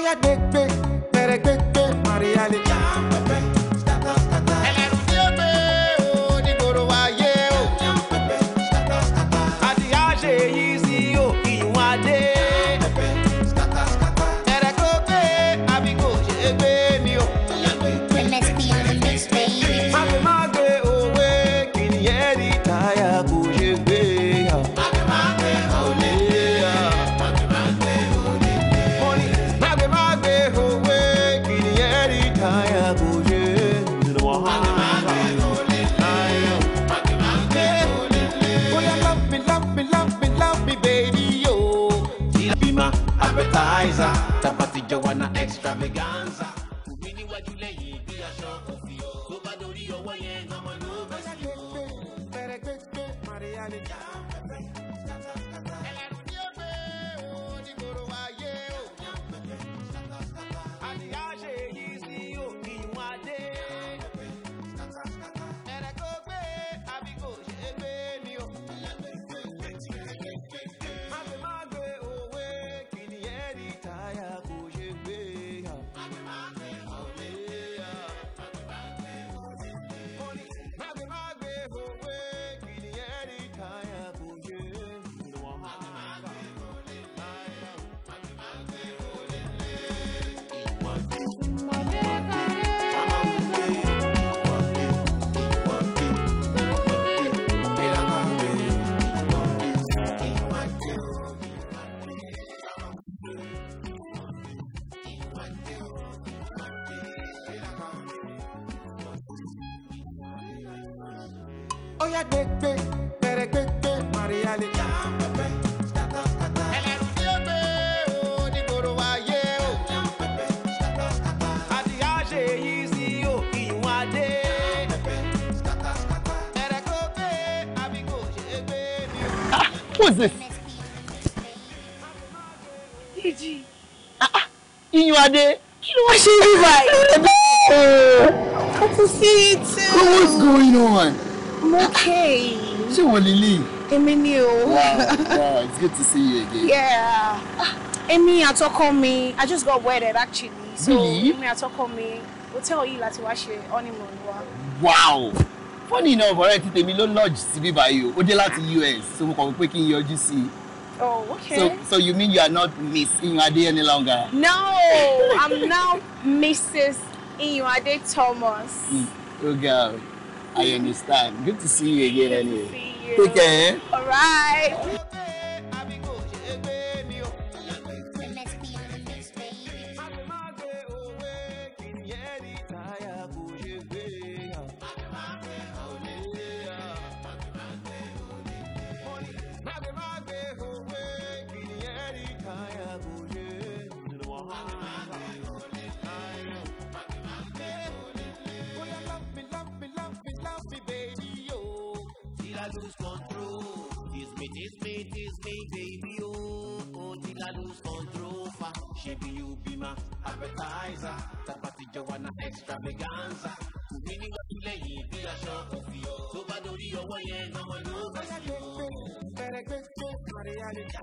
Oh, big, gbẹgbẹ gbẹrẹgbẹ. iyùn adé. kí ló wá ṣe ní báyìí. I want to see you too. Well, what's going on? I'm okay. ṣé wọ́n lè lè. èmi ni o. wow wow it's good to see you again. yeah ah, èmi àtọkọ mi I just got wedded actually. so èmi àtọkọ mi hotel yìí láti wá ṣe honeymoon wa. wow funny enough ọ̀rẹ́ ti tèmi ló lodge síbí báyìí o ó dé láti US so mo kàn pé kí n yọjú sí i. Oh, okay. So, so you mean you are not Miss Inuade any longer? No, I'm now Mrs. Inuade Thomas. Mm. Oh, girl. I mm-hmm. understand. Good to see you again. Good anyway. to see you. Take care. Eh? All right. Shebi you be my appetizer. Tapati Joanna extravaganza. Mi ní wọ́n tún lẹ́yìn bí aṣọ òfin o. Tó bá dorí ọwọ́ yẹn, náà wọn ló bá sí o. Fẹ́rẹ̀ gbé gbé, fẹ́rẹ̀ yá lè dá.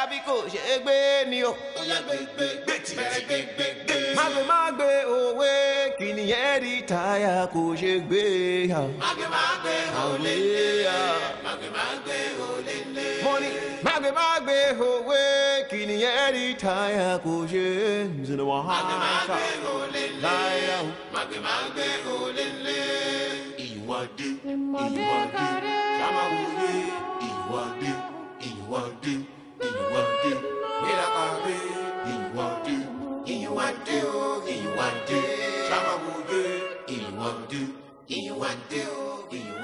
àbí kò ṣe é gbé ni o. ó yá gbé gbé gbé tí bẹ̀rẹ̀ gbé gbé gbé. má gbé má gbé òwe kìnìyẹn rí táyà kò ṣe gbé ya. má gbé má gbé òlé ya. má gbé má gbé òlé lé. mo ní má gbé má gbé òwe kìnìyẹn rí táyà kò ṣe ǹzìnnà má gbé má gbé òlé lé. má gbé má gbé òlé lé. ìwádìí ìwádìí ṣáà wọlé ìwádìí ìwádìí you want to do, you want to do, you want to do.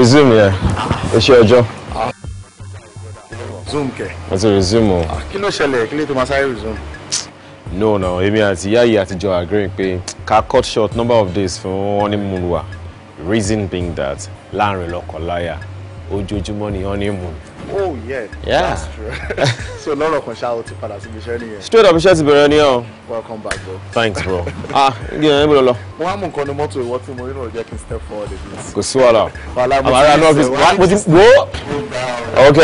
resume yẹn iṣẹ́ ọjọ́. Zoom, kẹ. mo ti resume o. Ah, kí ló ṣẹlẹ̀ kí ló tó máa sáré resume. no no èmi àti yáyí àtijọ́ agree pé ká cut short number of days fún honeymoon wa reason being that láàrin lọ́kọláya ojoojúmọ́ ni honeymoon oh yeah, yeah. that's true so lọ́rọ̀ kan ṣá o ti padà síbi iṣẹ́ nìyẹn. straight up iṣẹ́ ti bẹ̀rẹ̀ ni o. welcome back bro. thanks bro. ah ndí ẹ̀rọ níbo lọ. wọ́n á mú nǹkan ní mọ́tò ìwọ tí mo rí náà jẹ́ kí n step forward a bit. kò sí wàhálà àwọn ará ní ọ́fíìsì wo. ok.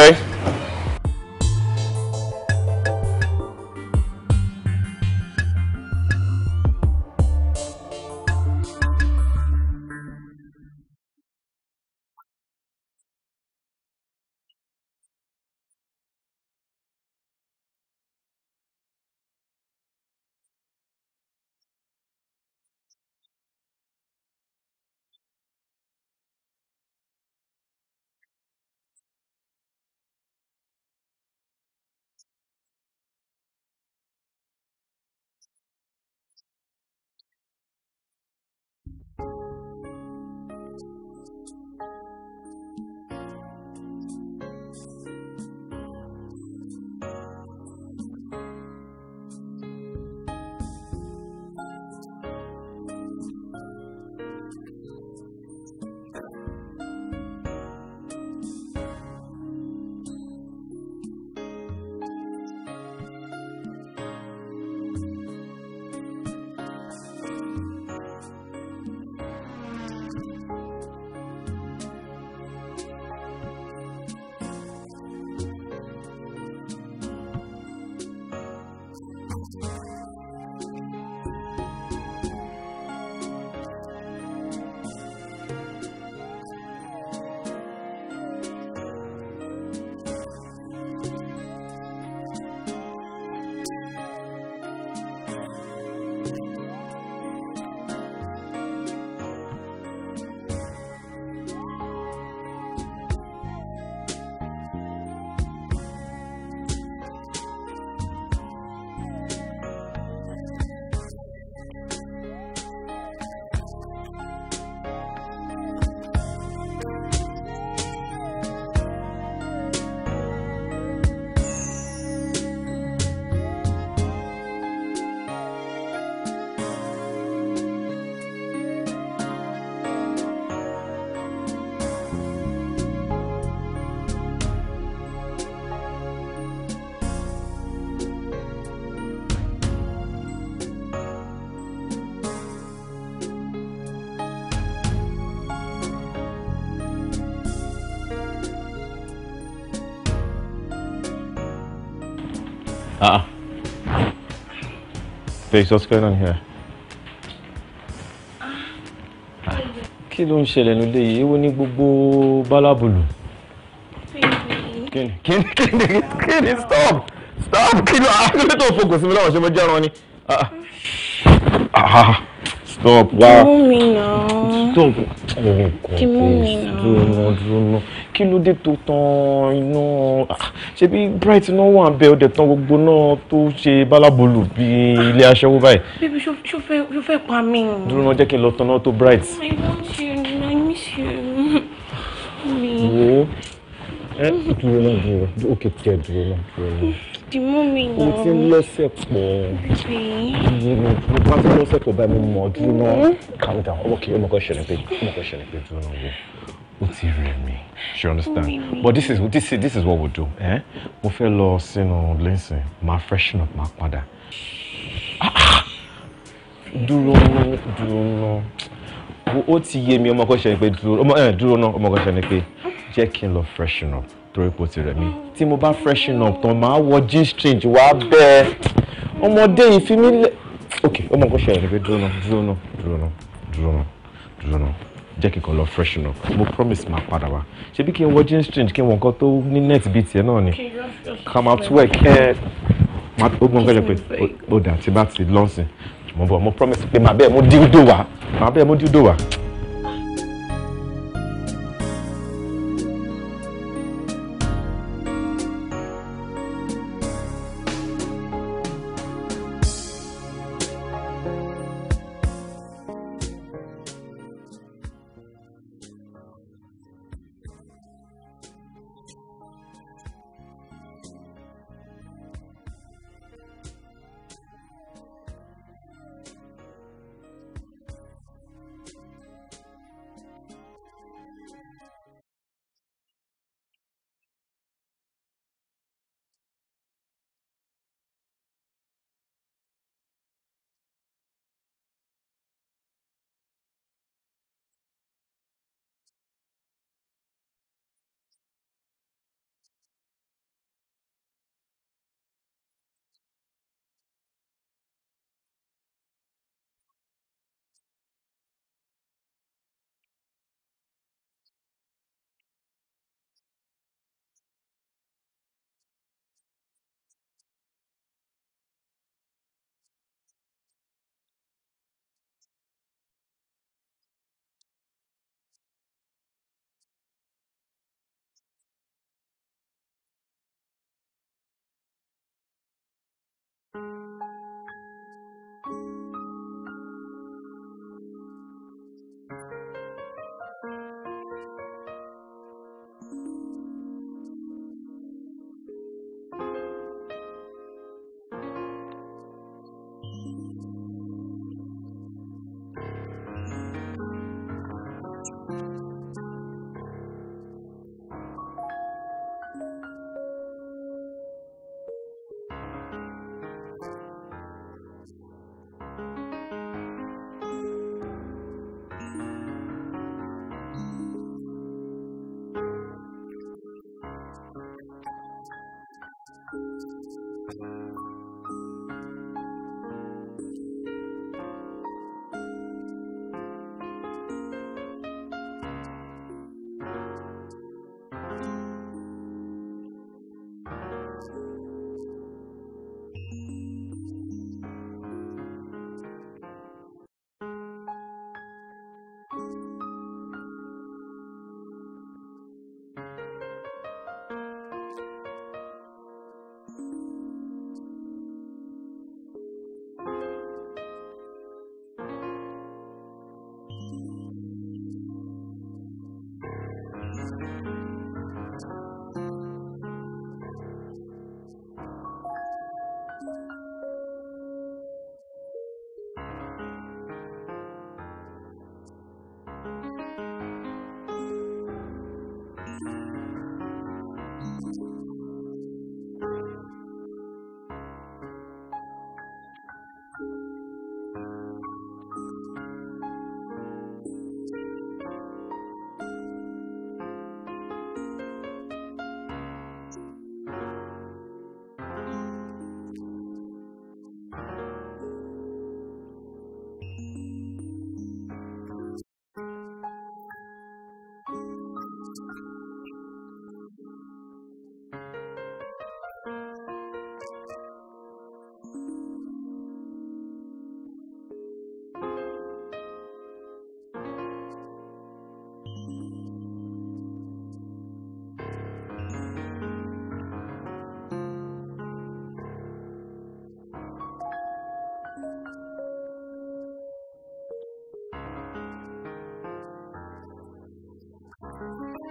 Face, what's going on here? Kí ló ń ṣẹlẹ̀ nílé yìí? Èwo ni gbogbo bálábùlù? Kíni kíni kíni kíni stop stop kí ah, ló àgbélé tó fòkùn sí mi láwọn ṣe mo jẹ́ ẹran ni. Ah, ah, stop wá. stop ọ̀rọ̀ oh, kan kí mú kí ló dé tó tan iná ah, ṣebí bright náà wà bẹ́ẹ̀ ó tán gbogbo náà tó ṣe bálábolù bí ilé aṣẹ́wó báyìí. bíbí ṣó fẹ́ pa mí. dúró jẹ́ kí n lọ tan náà tó bright. I want you I miss you. wo ẹ dúró náà dúró ok tẹ dúró náà dúró náà di mú mi náà. o ti ń lọ́sẹ̀ pọ̀ o bá ti lọ́sẹ̀ pọ̀ báyìí mo mọ̀ ọ́ dúró náà mm-hmm. calm down ọwọ́ kì í ọmọkọ ṣẹlẹ̀ pé ọmọkọ ṣẹlẹ̀ pé dúró náà wò ó ti rẹ̀ mí she understand but this is this is this is what we do eh? mo fẹ́ lọ sínú lẹ́sìn máa freshen up máa padà dúró dúró náà ó ti yé mi ọmọkọ ṣẹlẹ̀ pé dúró eh, náà ọmọkọ ṣẹlẹ̀ pé jẹ́ kí n lọ freshen up torí pò tirẹ̀ mi tí mo bá freshen up tán màá wọ jeans change wàá bẹ́ẹ̀ ọmọdé yìí fi mí lẹ́ ok ọmọ nǹkan ṣẹlẹ̀ níbi dúró náà dúró náà dúró náà dúró náà dúró náà jẹ́ kí n kàn lọ freshen up mo promise máa padà wá ṣebí kí n wọ jeans change kí n wọ nǹkan tó ní net bíi tiẹ̀ náà ni come out work ẹ ó gbọ́n gbẹ́lẹ̀ pé ó dà tí bá ti lọ́sìn mo promise pé màá bẹ́ẹ̀ mo dídò wá màá bẹ́ẹ̀ mo dídò wá.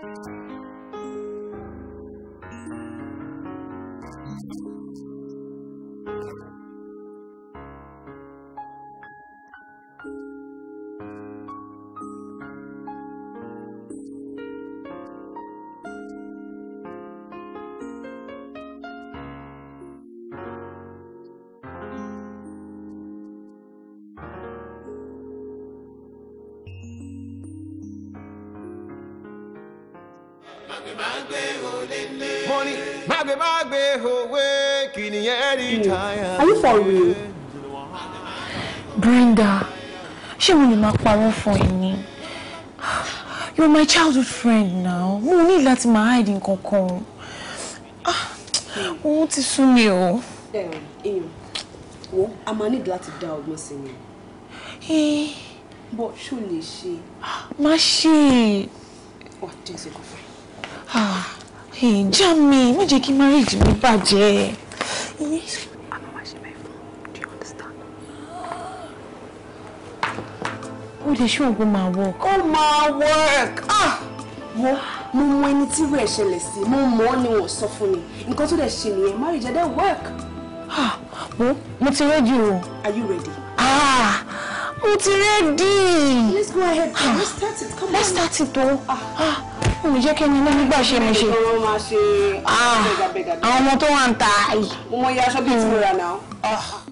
Thank you. Money, magbe magbe òwe kìnìyẹn rí táyà. Are you for real? Brenda, She won't lè máa power for me. You're my childhood friend now. Mo ní láti máa hide nǹkan kan. Òun ah, ti sún mi o. Wo, a máa need that to ọgbọ́n sí ni. Bọ́ ṣó lè ṣe? Má ṣe. Wà á jẹ́ ìsìnkú fún mi já mi má jẹ́ kí marriage mi bàjẹ́. Ah, ó lè ṣé ògùn máa work. ó máa work ah mo mo mọ ẹni tí rẹ̀ ṣẹlẹ̀ sí mo mọ̀ ọ́ ni wọ́n sọ fún mi nǹkan tó dẹ̀ ṣe nìyẹn marriage dẹ̀ work. ah what? mo ready are you ready. ah I'm ready. let's go ahead ah! let's start it come let's on. let's start it though. ah. ah mi jẹ́ kí ni mo nígbà ṣe mo ṣe. Ah, àwọn ọmọ tó wà ń ta yìí. mo mọ iye aṣọ bíi ti rà náà. Mm. Ah.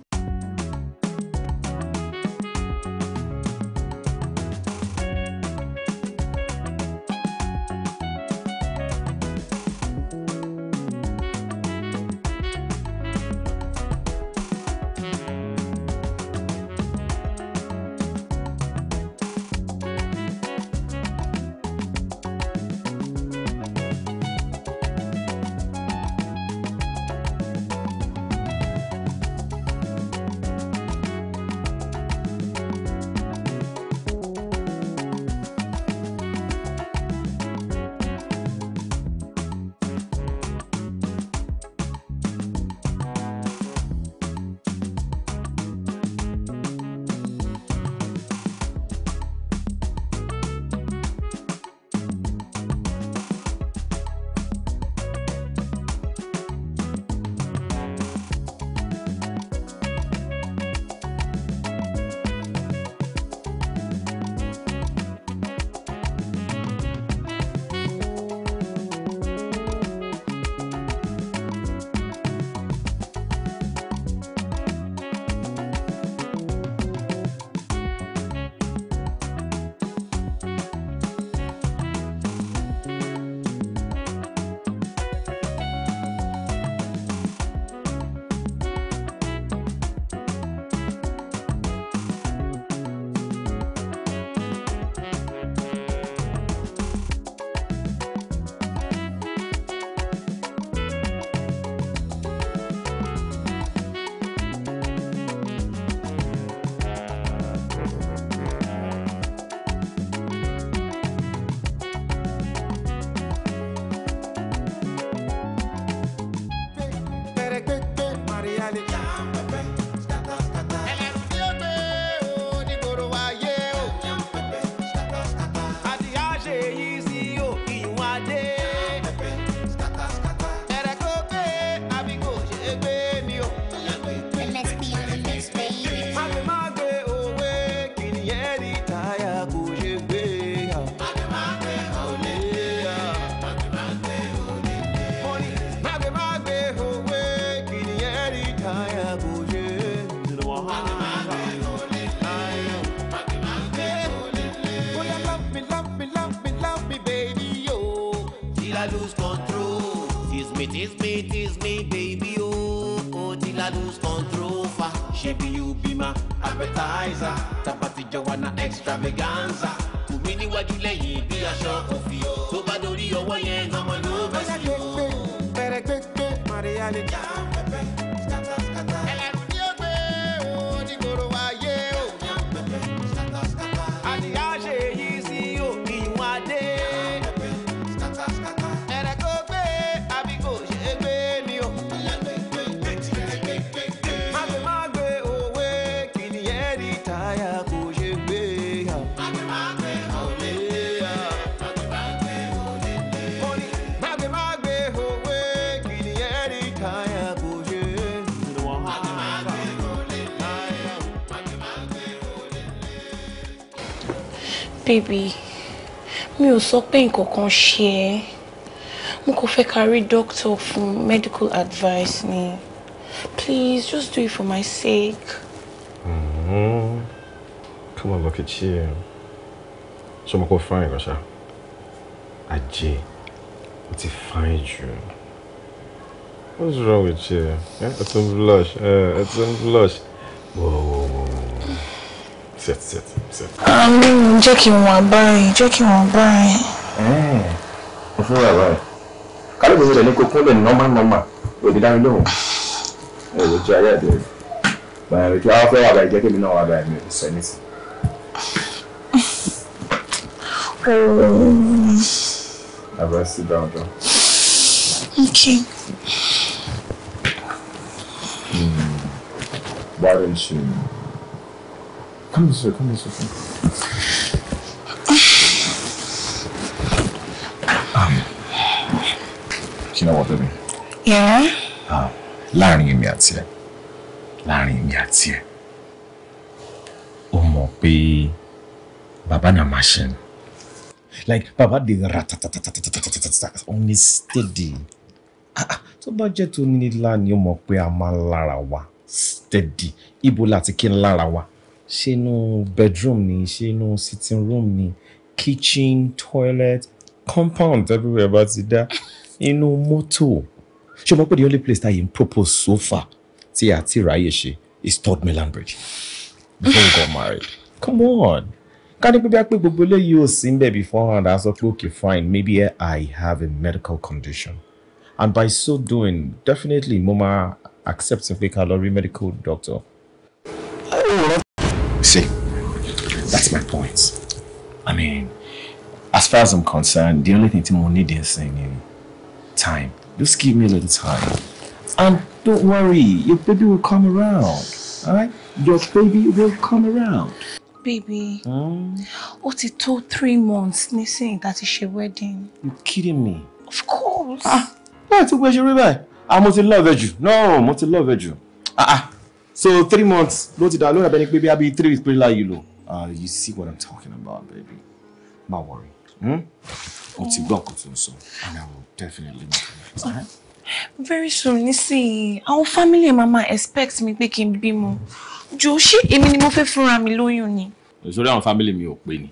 níwájú lẹ́yìn bí aṣọ òfì tó bá dorí ọwọ́ yẹn ọmọ ló bẹ̀ sí o. mariale. Baby, mi ò sọ pé nǹkan kan ṣe ẹ́. Mo kò fẹ́ ká rí doctor fún medical advice ni. Please, just do it for my sake. Mm-hmm. Come on, look at you. So mo kò fine gan ṣá. Ajé, o ti fine jù. What's wrong with you? Eh? It's a blush. Eh, it's a blush. Whoa, set set set. àmì jẹ́ kí wọ́n báyìí jẹ́ kí wọ́n báyìí. Hmm, mo fún wa báyìí kálíbù mi rẹ̀ ní kó kúnlẹ̀ nọ́mà nọ́mà òbí dání lóhùn òwò jẹ́ ayé àdéhùn báyìí rẹ̀ kí wọ́n fẹ́ wà báyìí jẹ́ kí mi náà wà báyìí mi ò sọ ní sí. Abẹ́ sí dáhùn dáhùn. Okay. Mm. Come this way, come this way. Um, you know what, baby? Yeah? Um, láàrin èmi àti ẹ láàrin èmi àti pe, ó na machine. bàbá náà máa ṣe ni like bàbá dey ratatatatatatatata on steady tó bá jẹ́ tó ní láàrin ó mọ̀ pé a máa steady ibo láti kí sínú bedroom ni sínú sitting room ni kitchen toilet compound everywhere bá ti dá inú mọ́tò ṣé o mọ̀ pé the only place that you propose so far tí a ti ráyè ṣe is third Milan bridge before we got married come on ká ní pípẹ́ pé gbogbo eléyìí ò sí níbẹ̀ beforehand a sọ pé okay fine maybe I have a medical condition and by so doing definitely mo máa accept pé ká lọ rí medical doctor. See, that's my point. I mean, as far as I'm concerned, the only thing Timo need is saying um, time. Just give me a little time. And don't worry, your baby will come around. Alright? Your baby will come around. Baby, mm. ó ti tó three months missing? That is your wedding. You kidding me? Of course. Ah, báyìí tó gbé ṣe rí báyìí. Ah, love ẹ jù. No, mo ti love ẹ jù. Ah ah so three months ló ti dà lóyún abẹ́ni pé bí i three weeks péré láàyè lò ah, you see what i'm talking about baby má worry mo hmm? ti gbọ́ nǹkan tó ń sọ and i will definitely make it right. very soon nísìnyí Our family mama expect me pé kí n bímọ jọ ṣé èmi ni mo fẹ́ fúnra mi lóyún ni. ìṣòro àwọn family mi ò pé ni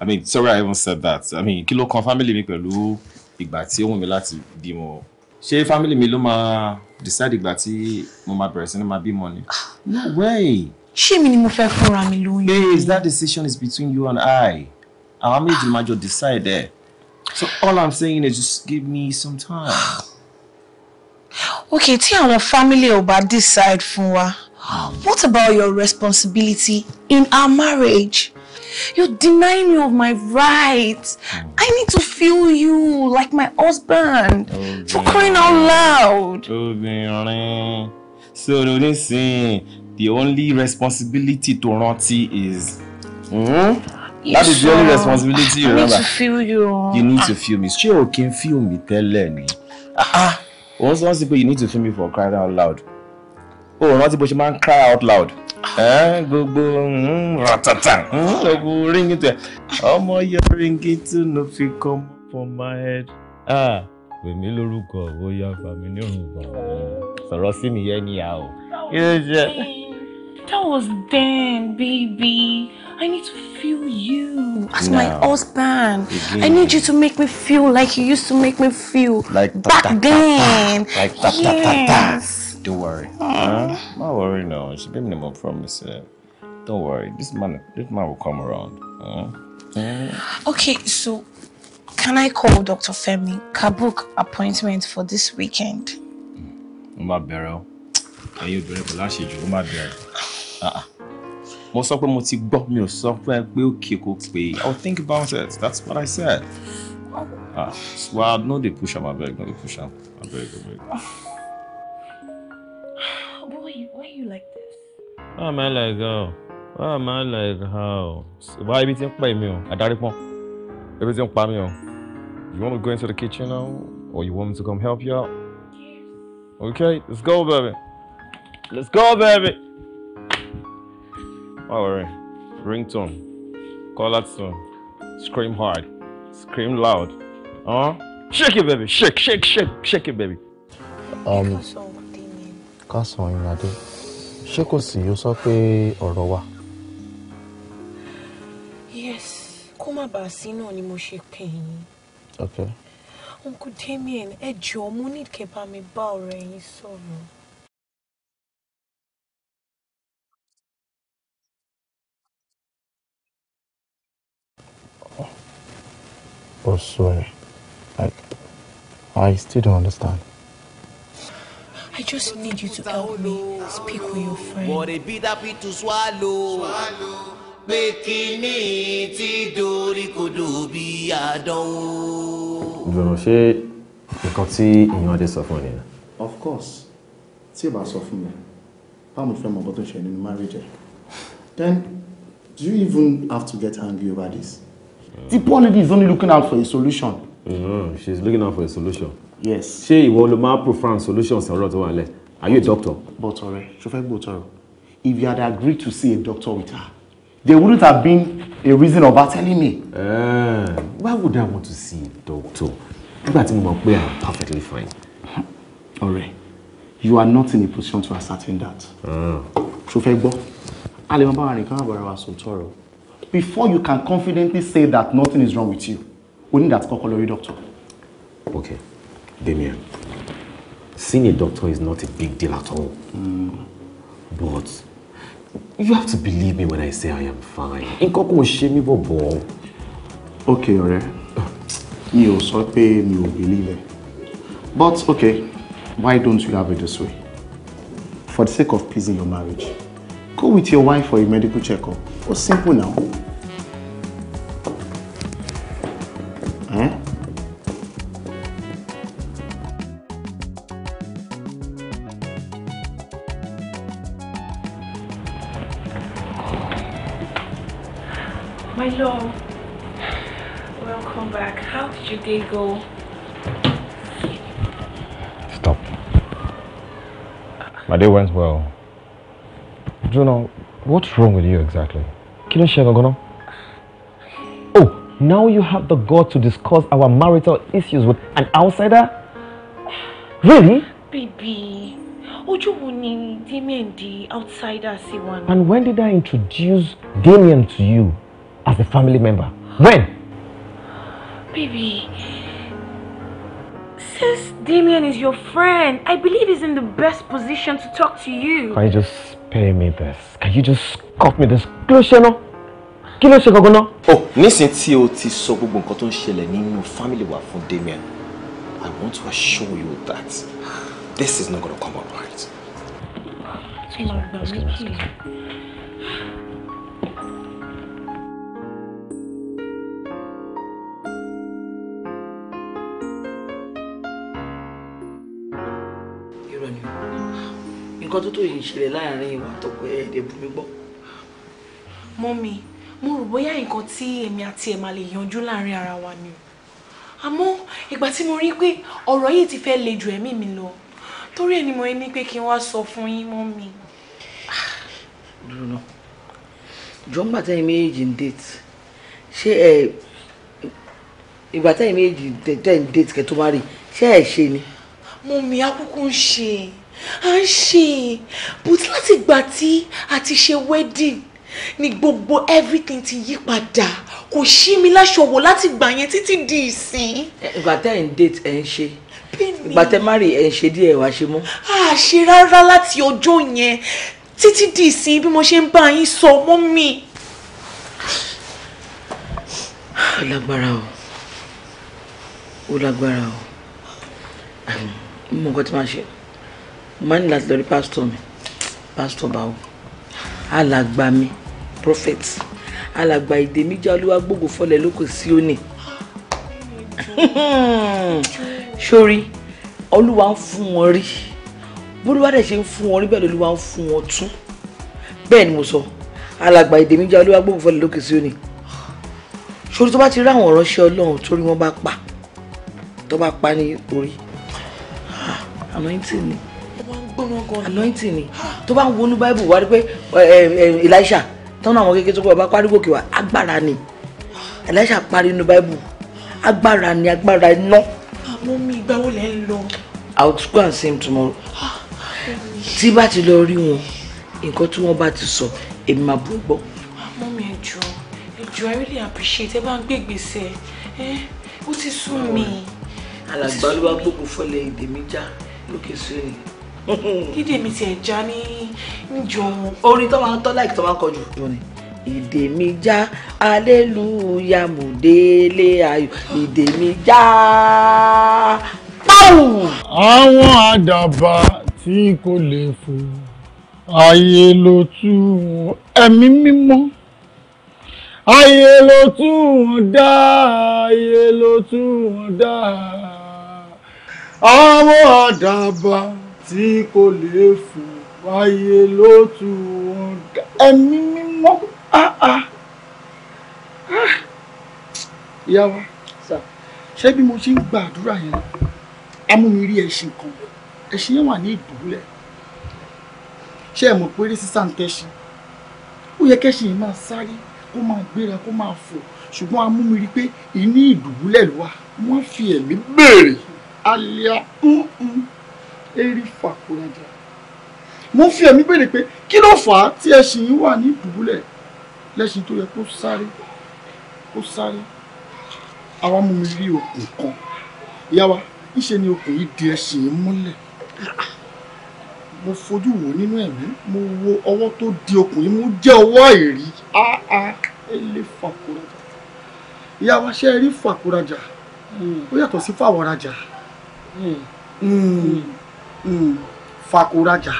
i mean sorry i even said that i mean kí ló kan family mi pẹ̀lú ìgbà tí ó wù mí láti bímọ ṣé family mi ló máa decide ìgbà tí mo máa bẹ̀rẹ̀ sí ní máa bímọ ni. Ah, no way. ṣé mi ni mo fẹ́ fúnra mi lóyún. babes that decision is between you and I Our méjì máa decide there. so all i'm saying is just give me some time. okay tí àwọn family ò bá decide fún wa um. what about your responsibility in our marriage. You're denying me of my rights. Mm. I need to feel you like my husband. Obìnrin. Oh, for crying out loud. Obìnrin. Oh, so no listen, the only responsibility to rántí is. Mm? You that is the only responsibility you I remember. need to feel you. You need ah. to feel me. She can feel me, tell ni? Òun ah, ah. sọ wọ́n sí pé you need to feel me for crying out loud. Oh, rántí but ṣe man cry out loud gbogbo mm, ratata mm, gbogbo ringitẹ ọmọ yọ ringitu ló fi kọ́ for my head. pèmí lórúkọ owó yá fami ní òrùngbà sọ̀rọ̀ sí mi yẹn níyà o. That was then, baby. I need to feel you as no. my husband. Again. I need you to make me feel like you used to make me feel like back then. Like yes. Don't worry. Huh? Not worry no. She gave me my promise. Uh, don't worry. This man, this man will come around. Huh? Eh? Okay, so can I call Dr. Femi? Kabuk appointment for this weekend. Mm. Uma Beryl, Are you doing for last year? Uma Beryl. Uh-uh. Ah, ah. Mo sọ pé mo ti gbọ́ mi ò sọ pé pé òkè think about it that's what I said. Oh. Ah, uh, well no they push am abeg no dey push am abeg abeg. Boy, why, are you like this? Why am I like how? Why am I like how? Why are you eating by me? I got it Everything by me. You want to go into the kitchen now? Or you want me to come help you out? Okay, let's go, baby. Let's go, baby. All right. Ringtone. Call that song. Scream hard. Scream loud. Huh? Shake it, baby. Shake, shake, shake, shake it, baby. Um. kásán ìrìnàdé ṣé kò sí ó sọ pé ọ̀rọ̀ wa. yes kó má bàa sí náà ni mo ṣe pè yín. okay. uncle damien ẹ jọ̀ọ́ mo ní kẹ́ bá mi bá ọ̀rẹ́ yín sọ̀rọ̀. Oh, oh sorry. Like, I still don't understand. I just need you to help me speak with your friend. What a bitter pill to swallow. Pé kíní ti dorí kodò bí àdánwò. Dùnú ṣé nǹkan tí ìyàn Adé sọ fún ọ nìyẹn? Of course, tí ò bá sọ fún mi, báwo mo fẹ́ mọ nǹkan tó ń ṣe nínú marriage Then, do you even have to get angry over this? The poor lady is only looking out for a solution. No, mm-hmm. she's looking out for a solution yes. ṣé ìwọ ló máa prefer solutions ọ̀rọ̀ tó wà lẹ̀ are you a doctor. but ọ̀rẹ́ ṣo fẹ́ gbọ́ if you had agreed to see a doctor with her there wouldn't have been a reason about telling me. Uh, why would I want to see a doctor nígbà tí mo mọ̀ pé I am perfectly fine. ọ̀rẹ́ you are not in a position to ascertain that. Ah. ṣo fẹ́ gbọ́ a lè máa bá wa rìn wa sùn tọrọ before you can confidently say that nothing is wrong with you we need láti kọ́kọ́ lọ doctor. okay. Damien, seeing a doctor is not a big deal at all. Mm. But you have to believe me when I say I am fine. In koko, Nǹkan shame me for bọ̀bọ̀. Okay, ọ̀rẹ́. you ò sọ pé mi believe it. But okay, why don't you have it this way? For the sake of peace in your marriage, go with your wife for a medical checkup. It's simple now. giggle. Stop. My day went well. Juno, what's wrong with you exactly? Kilo Shegogono? Oh, now you have the guts to discuss our marital issues with an outsider? Really? Baby, Ojo Wuni, Damien the outsider See one. And when did I introduce Damien to you as a family member? When? Baby, since Damien is your friend, I believe he's in the best position to talk to you. Can you just spare me this? Can you just cut me this? Close ló ṣe náà? Kí ló ṣe Oh, nísìn tí o ti sọ gbogbo nǹkan tó ń ṣẹlẹ̀ family wa fún Damien, I want to assure you that this is not going to come out right. Sorry, sorry, sorry, sorry. nǹkan tó tó yìí ṣẹlẹ̀ láàrin ìwà àtọkọ ẹ̀ẹ́dẹ̀ bùnmi gbọ́. mọ́mi mo rò bóyá nǹkan tí èmi àti ẹ̀ máa lè yanjú láàrin ara wa ni o àmọ́ ìgbà tí mo rí pé ọ̀rọ̀ yìí ti fẹ́ le ju ẹ̀mí mi lọ torí ẹ̀ ni mo ní pé kí n wá sọ fún yín mọ́mi. dúró náà jọ́ngbà tẹ́yìn méjì ń date ṣé ẹ ìgbà tẹ́yìn méjì tẹ́yìn date kẹ́ tó má rí ṣé ẹ ṣe ni. mo mi akúkú ń ṣe à ń ṣe but láti ìgbà tí a ti ṣe wedding ni gbogbo everything ti yí padà kò ṣí mi láṣọ wò láti ìgbà yẹn títí di ìsìn. ìgbà tẹ́ ẹ̀ ń date ẹ̀ ń ṣe ìgbà tẹ́ mari ẹ̀ ń ṣe díẹ̀ wá ṣe mọ́. a ṣe rárá láti ọjọ́ yẹn títí di ìsìn bí mo ṣe ń bá yín sọ mọ́ mi. ó lágbára o ó lágbára o mo mọ nǹkan tí màá ṣe máa ní láti lọ rí pásítọ̀ mi pásítọ̀ báwo alàgbà mi prophet alàgbà èdè méjì olúwa gbogbo fọlẹ̀ lóko sí òní sórí olúwa ń fún wọn rí bólúwa dẹ̀ ṣe ń fún wọn rí bẹ́ẹ̀ lolúwa ń fún wọn tún bẹ́ẹ̀ ni mo sọ alàgbà èdè méjì olúwa gbogbo fọlẹ̀ lóko sí òní sórí tó bá ti rí àwọn ìránṣẹ́ ọlọ́run torí wọ́n bá pa tó bá pa ní orí ah, anointing ni gbóná gan-an. anointing ni tó bá ń wọnú bible wá rí pé eh, eh, eh, elisha tọ́nà àwọn kékeré tó kọ́ ọba pariwo kí wa agbára ni elisha parí inú bible agbára ni agbára iná. àmọ́ mi ìgbà wo lẹ́ ń lọ. i will go and see him tomorrow. tí bá ti lọ rí wọn nǹkan tí wọ́n bá ti sọ èmi máa bú gbọ́. àmọ́ mi ẹ̀jọ̀ ẹ̀jọ̀ i really appreciate ẹ bá ń gbé gbèsè ẹ ó ti sún mi. alàgbà ló wá gbógun fọlẹ̀ èdè mi já lókè sóyè dídè mi tiẹ̀ já ní níjọ orin tó máa ń tọ́ láìkí tó máa ń kọ jù. ìdè mi já aleluya mo délé ayọ̀ ìdè mi já àwọn àdàbà tí kò lè fò ayé ló tú ẹ̀mí mímọ́ ayé ló tú wọn dá ayé ló tú wọn dá àwọn àdàbà tí kò lè fò wáyé lótú òun ẹ̀mí mímọ́ ah, ah. Ah. ìyá wa ṣé bí mo ṣe ń gba àdúrà yẹn amúnirí ẹṣin kan ẹṣin yẹn wà ní ìdúró ṣé ẹ mọ̀ pé eré sísá ń tẹ́ṣin ó yẹ kẹ́ṣin yìí máa sáré kó máa gbéra kó máa fò ṣùgbọ́n a pé ìní ìdùbúlẹ̀ ló wà wọ́n fi ẹ̀mí béèrè alia mm, mm eri fàkúrajà mo fi ẹ̀mí béèrè pé kí ló fà á tí ẹṣin yìí wà ní ìdùbúlẹ̀ lẹ́ṣin tó yẹ kó sáré kó sáré àwa mú mi rí okùn kan ìyá wa ńṣe ni okùn yìí di ẹṣin yìí mọ́lẹ̀ mo fojú wò nínú ẹ̀mí mo wo ọwọ́ tó di okùn yìí mo jẹ́ ọwọ́ àìrí áá ele fàkúrajà ìyá wa ṣe rí fàkúrajà hmm. ó yàtọ̀ sí fàwọ̀rajà. Mm. Mm. Hmm. fakorajà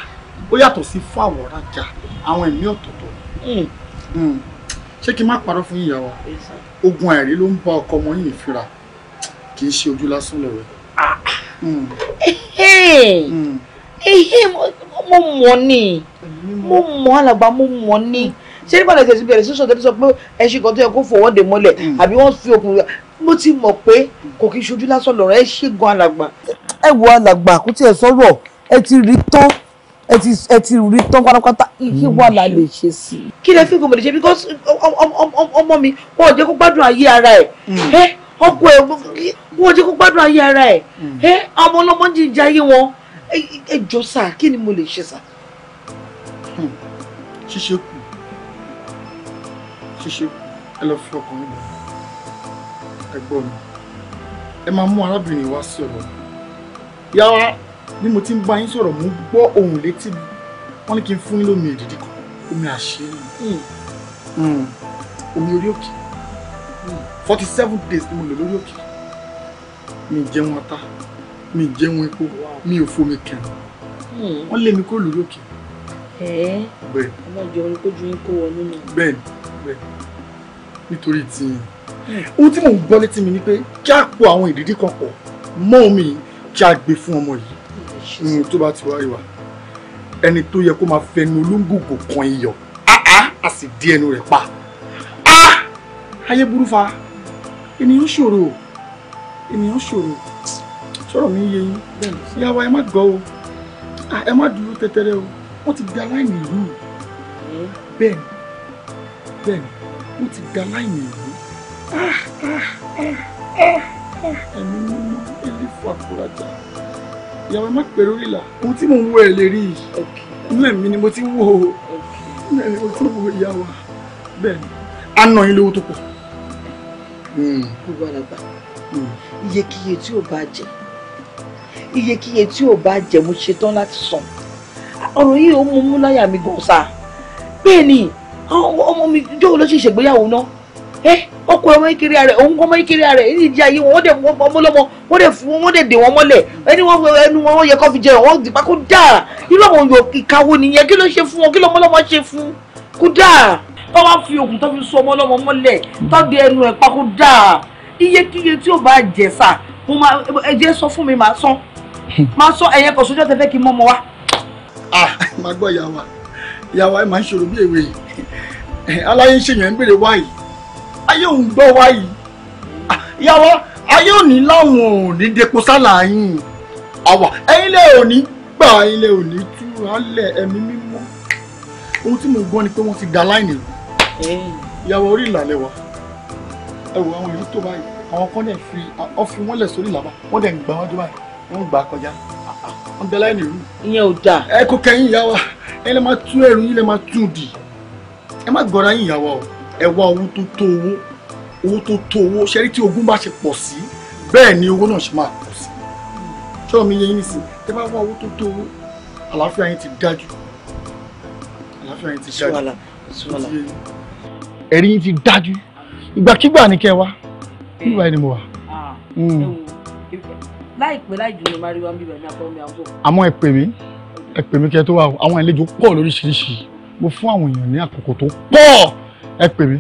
ó yàtọ̀ sí fàwọ̀rajà àwọn ẹ̀mí ọ̀tọ̀ọ̀tọ̀ hmm. Hmm. ṣé kí n má parọ́ fún ìyàwó ogun àìrí ló ń bá ọkọ ọmọ yìí fira kì í ṣe ojú lásán lẹ̀wẹ̀. Ah. mo mọ̀ ni mo mọ̀ alàgbà mo mọ̀ ni ṣé nígbà tí ẹ̀sìn bẹ̀rẹ̀ sí sọ̀tẹ́ sọ pé ẹṣin kan tó yẹ kó fọwọ́ dè mọ́lẹ̀ àbí wọ́n fi okùn mo ti mọ̀ pé kò kí ṣojú lásán lọ̀rọ̀ ẹ ṣe gan alàgbà ẹ wo alàgbà kó tiẹ̀ sọ̀rọ̀ ẹ ti rí tán ẹ ti ẹ ti rí tán pátápátá kí wà la lè ṣe sí i. kí lẹ fi gòmìnira ṣe because ọmọ mi wọn ò jẹ́ kó gbádùn ayé ara ẹ̀ hmm. ọkọ ẹ̀ wọn ò jẹ́ kó gbádùn ayé ara ẹ̀ hmm. ọmọ ọlọ́mọ ń jìjà ayé wọn ẹ jọ sà kí ni mo lè ṣe sà. Hmm. ṣíṣe kù ṣíṣe kù ẹ lọ fi ọkùnrin ẹ̀gbọ́n mi ẹ máa mú arábìnrin wá sí ọ̀dọ̀ mi ìyá wa bí mo ti ń bá yín sọ̀rọ̀ mo gbọ́ ohùn létí mi wọ́n ní kí n fún yín lómi ìdìdì kan omi àṣírí hmm. Hmm. omi orí òkè hmm. forty seven days ni mo lò lórí òkè mi ì jẹun ata mi ì jẹun epo mi ò fomi kẹrin wọ́n lé mi kó lórí òkè. bẹ́ẹ̀ ọlọ́jọ́ orin kójú yín kó wọnú ni. bẹ́ẹ̀ bẹ́ẹ̀ nítorí tiyín ohun tí mò ń gbọ́ létí mi ni pé kí á po àwọn ìdìdì kan pọ̀ mọ́ omi yìí jágbe fún ọmọ yìí mm, mm, tó bá ti wá rí wa ẹni tó yẹ kó máa fẹnu olóńgògò kan iyọ̀ ah, ah, a sì di ẹnu rẹ̀ pa ah, ayé burú fa ènìyàn ṣòro ènìyàn ṣòro sọ̀rọ̀ mi yé yín ìyá wa ẹ má gbọ́ o ẹ má dúró tẹ́tẹ́rẹ́ o wọ́n ti di aláìní ìlú mm. bẹ́ẹ̀ ni bẹ́ẹ̀ ni wọ́n ti di aláìní ìlú ẹ̀mí mímọ́ ilé fún àkúrájà ìyàwó má pè lórí ìlà ohun tí mò ń wọ ẹ lè rí yìí inú ẹ̀mí ni mo ti o ó inú ẹ̀mí mo ti wò ìyàwó bẹ́ẹ̀ ni a nà yín lówó tó pọ̀. gbogbo àlàbà iyekíye tí o bá jẹ iyekíye tí o bá jẹ mo ṣetán láti san ọ̀rọ̀ yìí ó mú mú láyà mi gan sa bẹ́ẹ̀ ni ọmọ mi jọ́wọ́ ló ṣe ṣègbéyàwó náà ẹ eh, ọkọ ọmọ ìkiri rẹ òun kọ ọmọ ìkiri rẹ èyí jẹ ayé wọn dẹ ọmọ lọmọ wọn dẹ fún wọn dẹ dè wọn mọ́lẹ̀ ẹni wọn ẹnu wọn yẹ kó fi jẹ wọn dìpá kó dà irú àwọn yòó ìkàwọ nìyẹn kí ló ṣe fún wọn kí lọmọ lọmọ ṣe fún kó dà tó wá fi òògùn tó fi so ọmọ lọmọ mọ́lẹ̀ tó di ẹnu ẹ pa kó dà iyekíye tí ò bá jẹ sà mo máa ẹjẹ sọ fún mi máa sán máa sán ẹyẹ kò sójú ọtẹ fẹ kí n mọ ah màá gbọ́ ìyàwó ìyàwó ẹ̀ máa ń ṣòro bí èwe aláyé ń ṣèyàn ń ayé òun gbọ́ wá yìí ah, ìyàwó ayé òní láwọn ò ní depo sálà yín àwa ẹ̀yin lè òní gbà ẹ̀yin lè òní tú alẹ̀ ẹ̀mí mímọ́ ohun tí mo gbọ́ ni pé wọ́n ti da láìní rẹ̀ ìyàwó orí ìlàlẹ̀ wa ẹ wo àwọn ìlú tó báyìí àwọn kan dẹ̀ fi ọ̀fi wọ́n lẹ̀ sórí ìlàbà wọ́n dẹ̀ ń gbà wọ́n dé báyìí wọ́n ń gbà kọjá ah, ah, wọ́n da láìní rú. ìyẹn ò dáa. ẹ kò kẹ́yìn ìyá wa ẹ lè máa tú ẹrù yín lè máa tún dì ẹ má gbọ́ra yín ìyá wa o ẹ wá owó tó tó owó owó tó tó owó ṣe rí tí ogún bá ṣe pọ̀ sí bẹ́ẹ̀ ni owó náà ṣe máa pọ̀ sí ṣọ́ọ̀ mi yẹ yín nísìnyí tẹ bá wá owó tó tó owó àlàáfíà yín ti dájú àlàáfíà yín ti dájú ẹ̀rí yín ti dájú ìgbàkigbà ni kẹ́ wá nígbà yìí ni mo wà ah, hmm. láìpẹ́ láì jùlọ máa rí wa bíbẹ̀ ní akọ́mi àbọ̀. àmọ́ ẹ pè mí ẹ pè mí kí ẹ tó wà àwọn àlejò pọ̀ lóríṣiríṣi mo fún àwọn èèyàn ní àkókò tó pọ̀ ẹ pè mí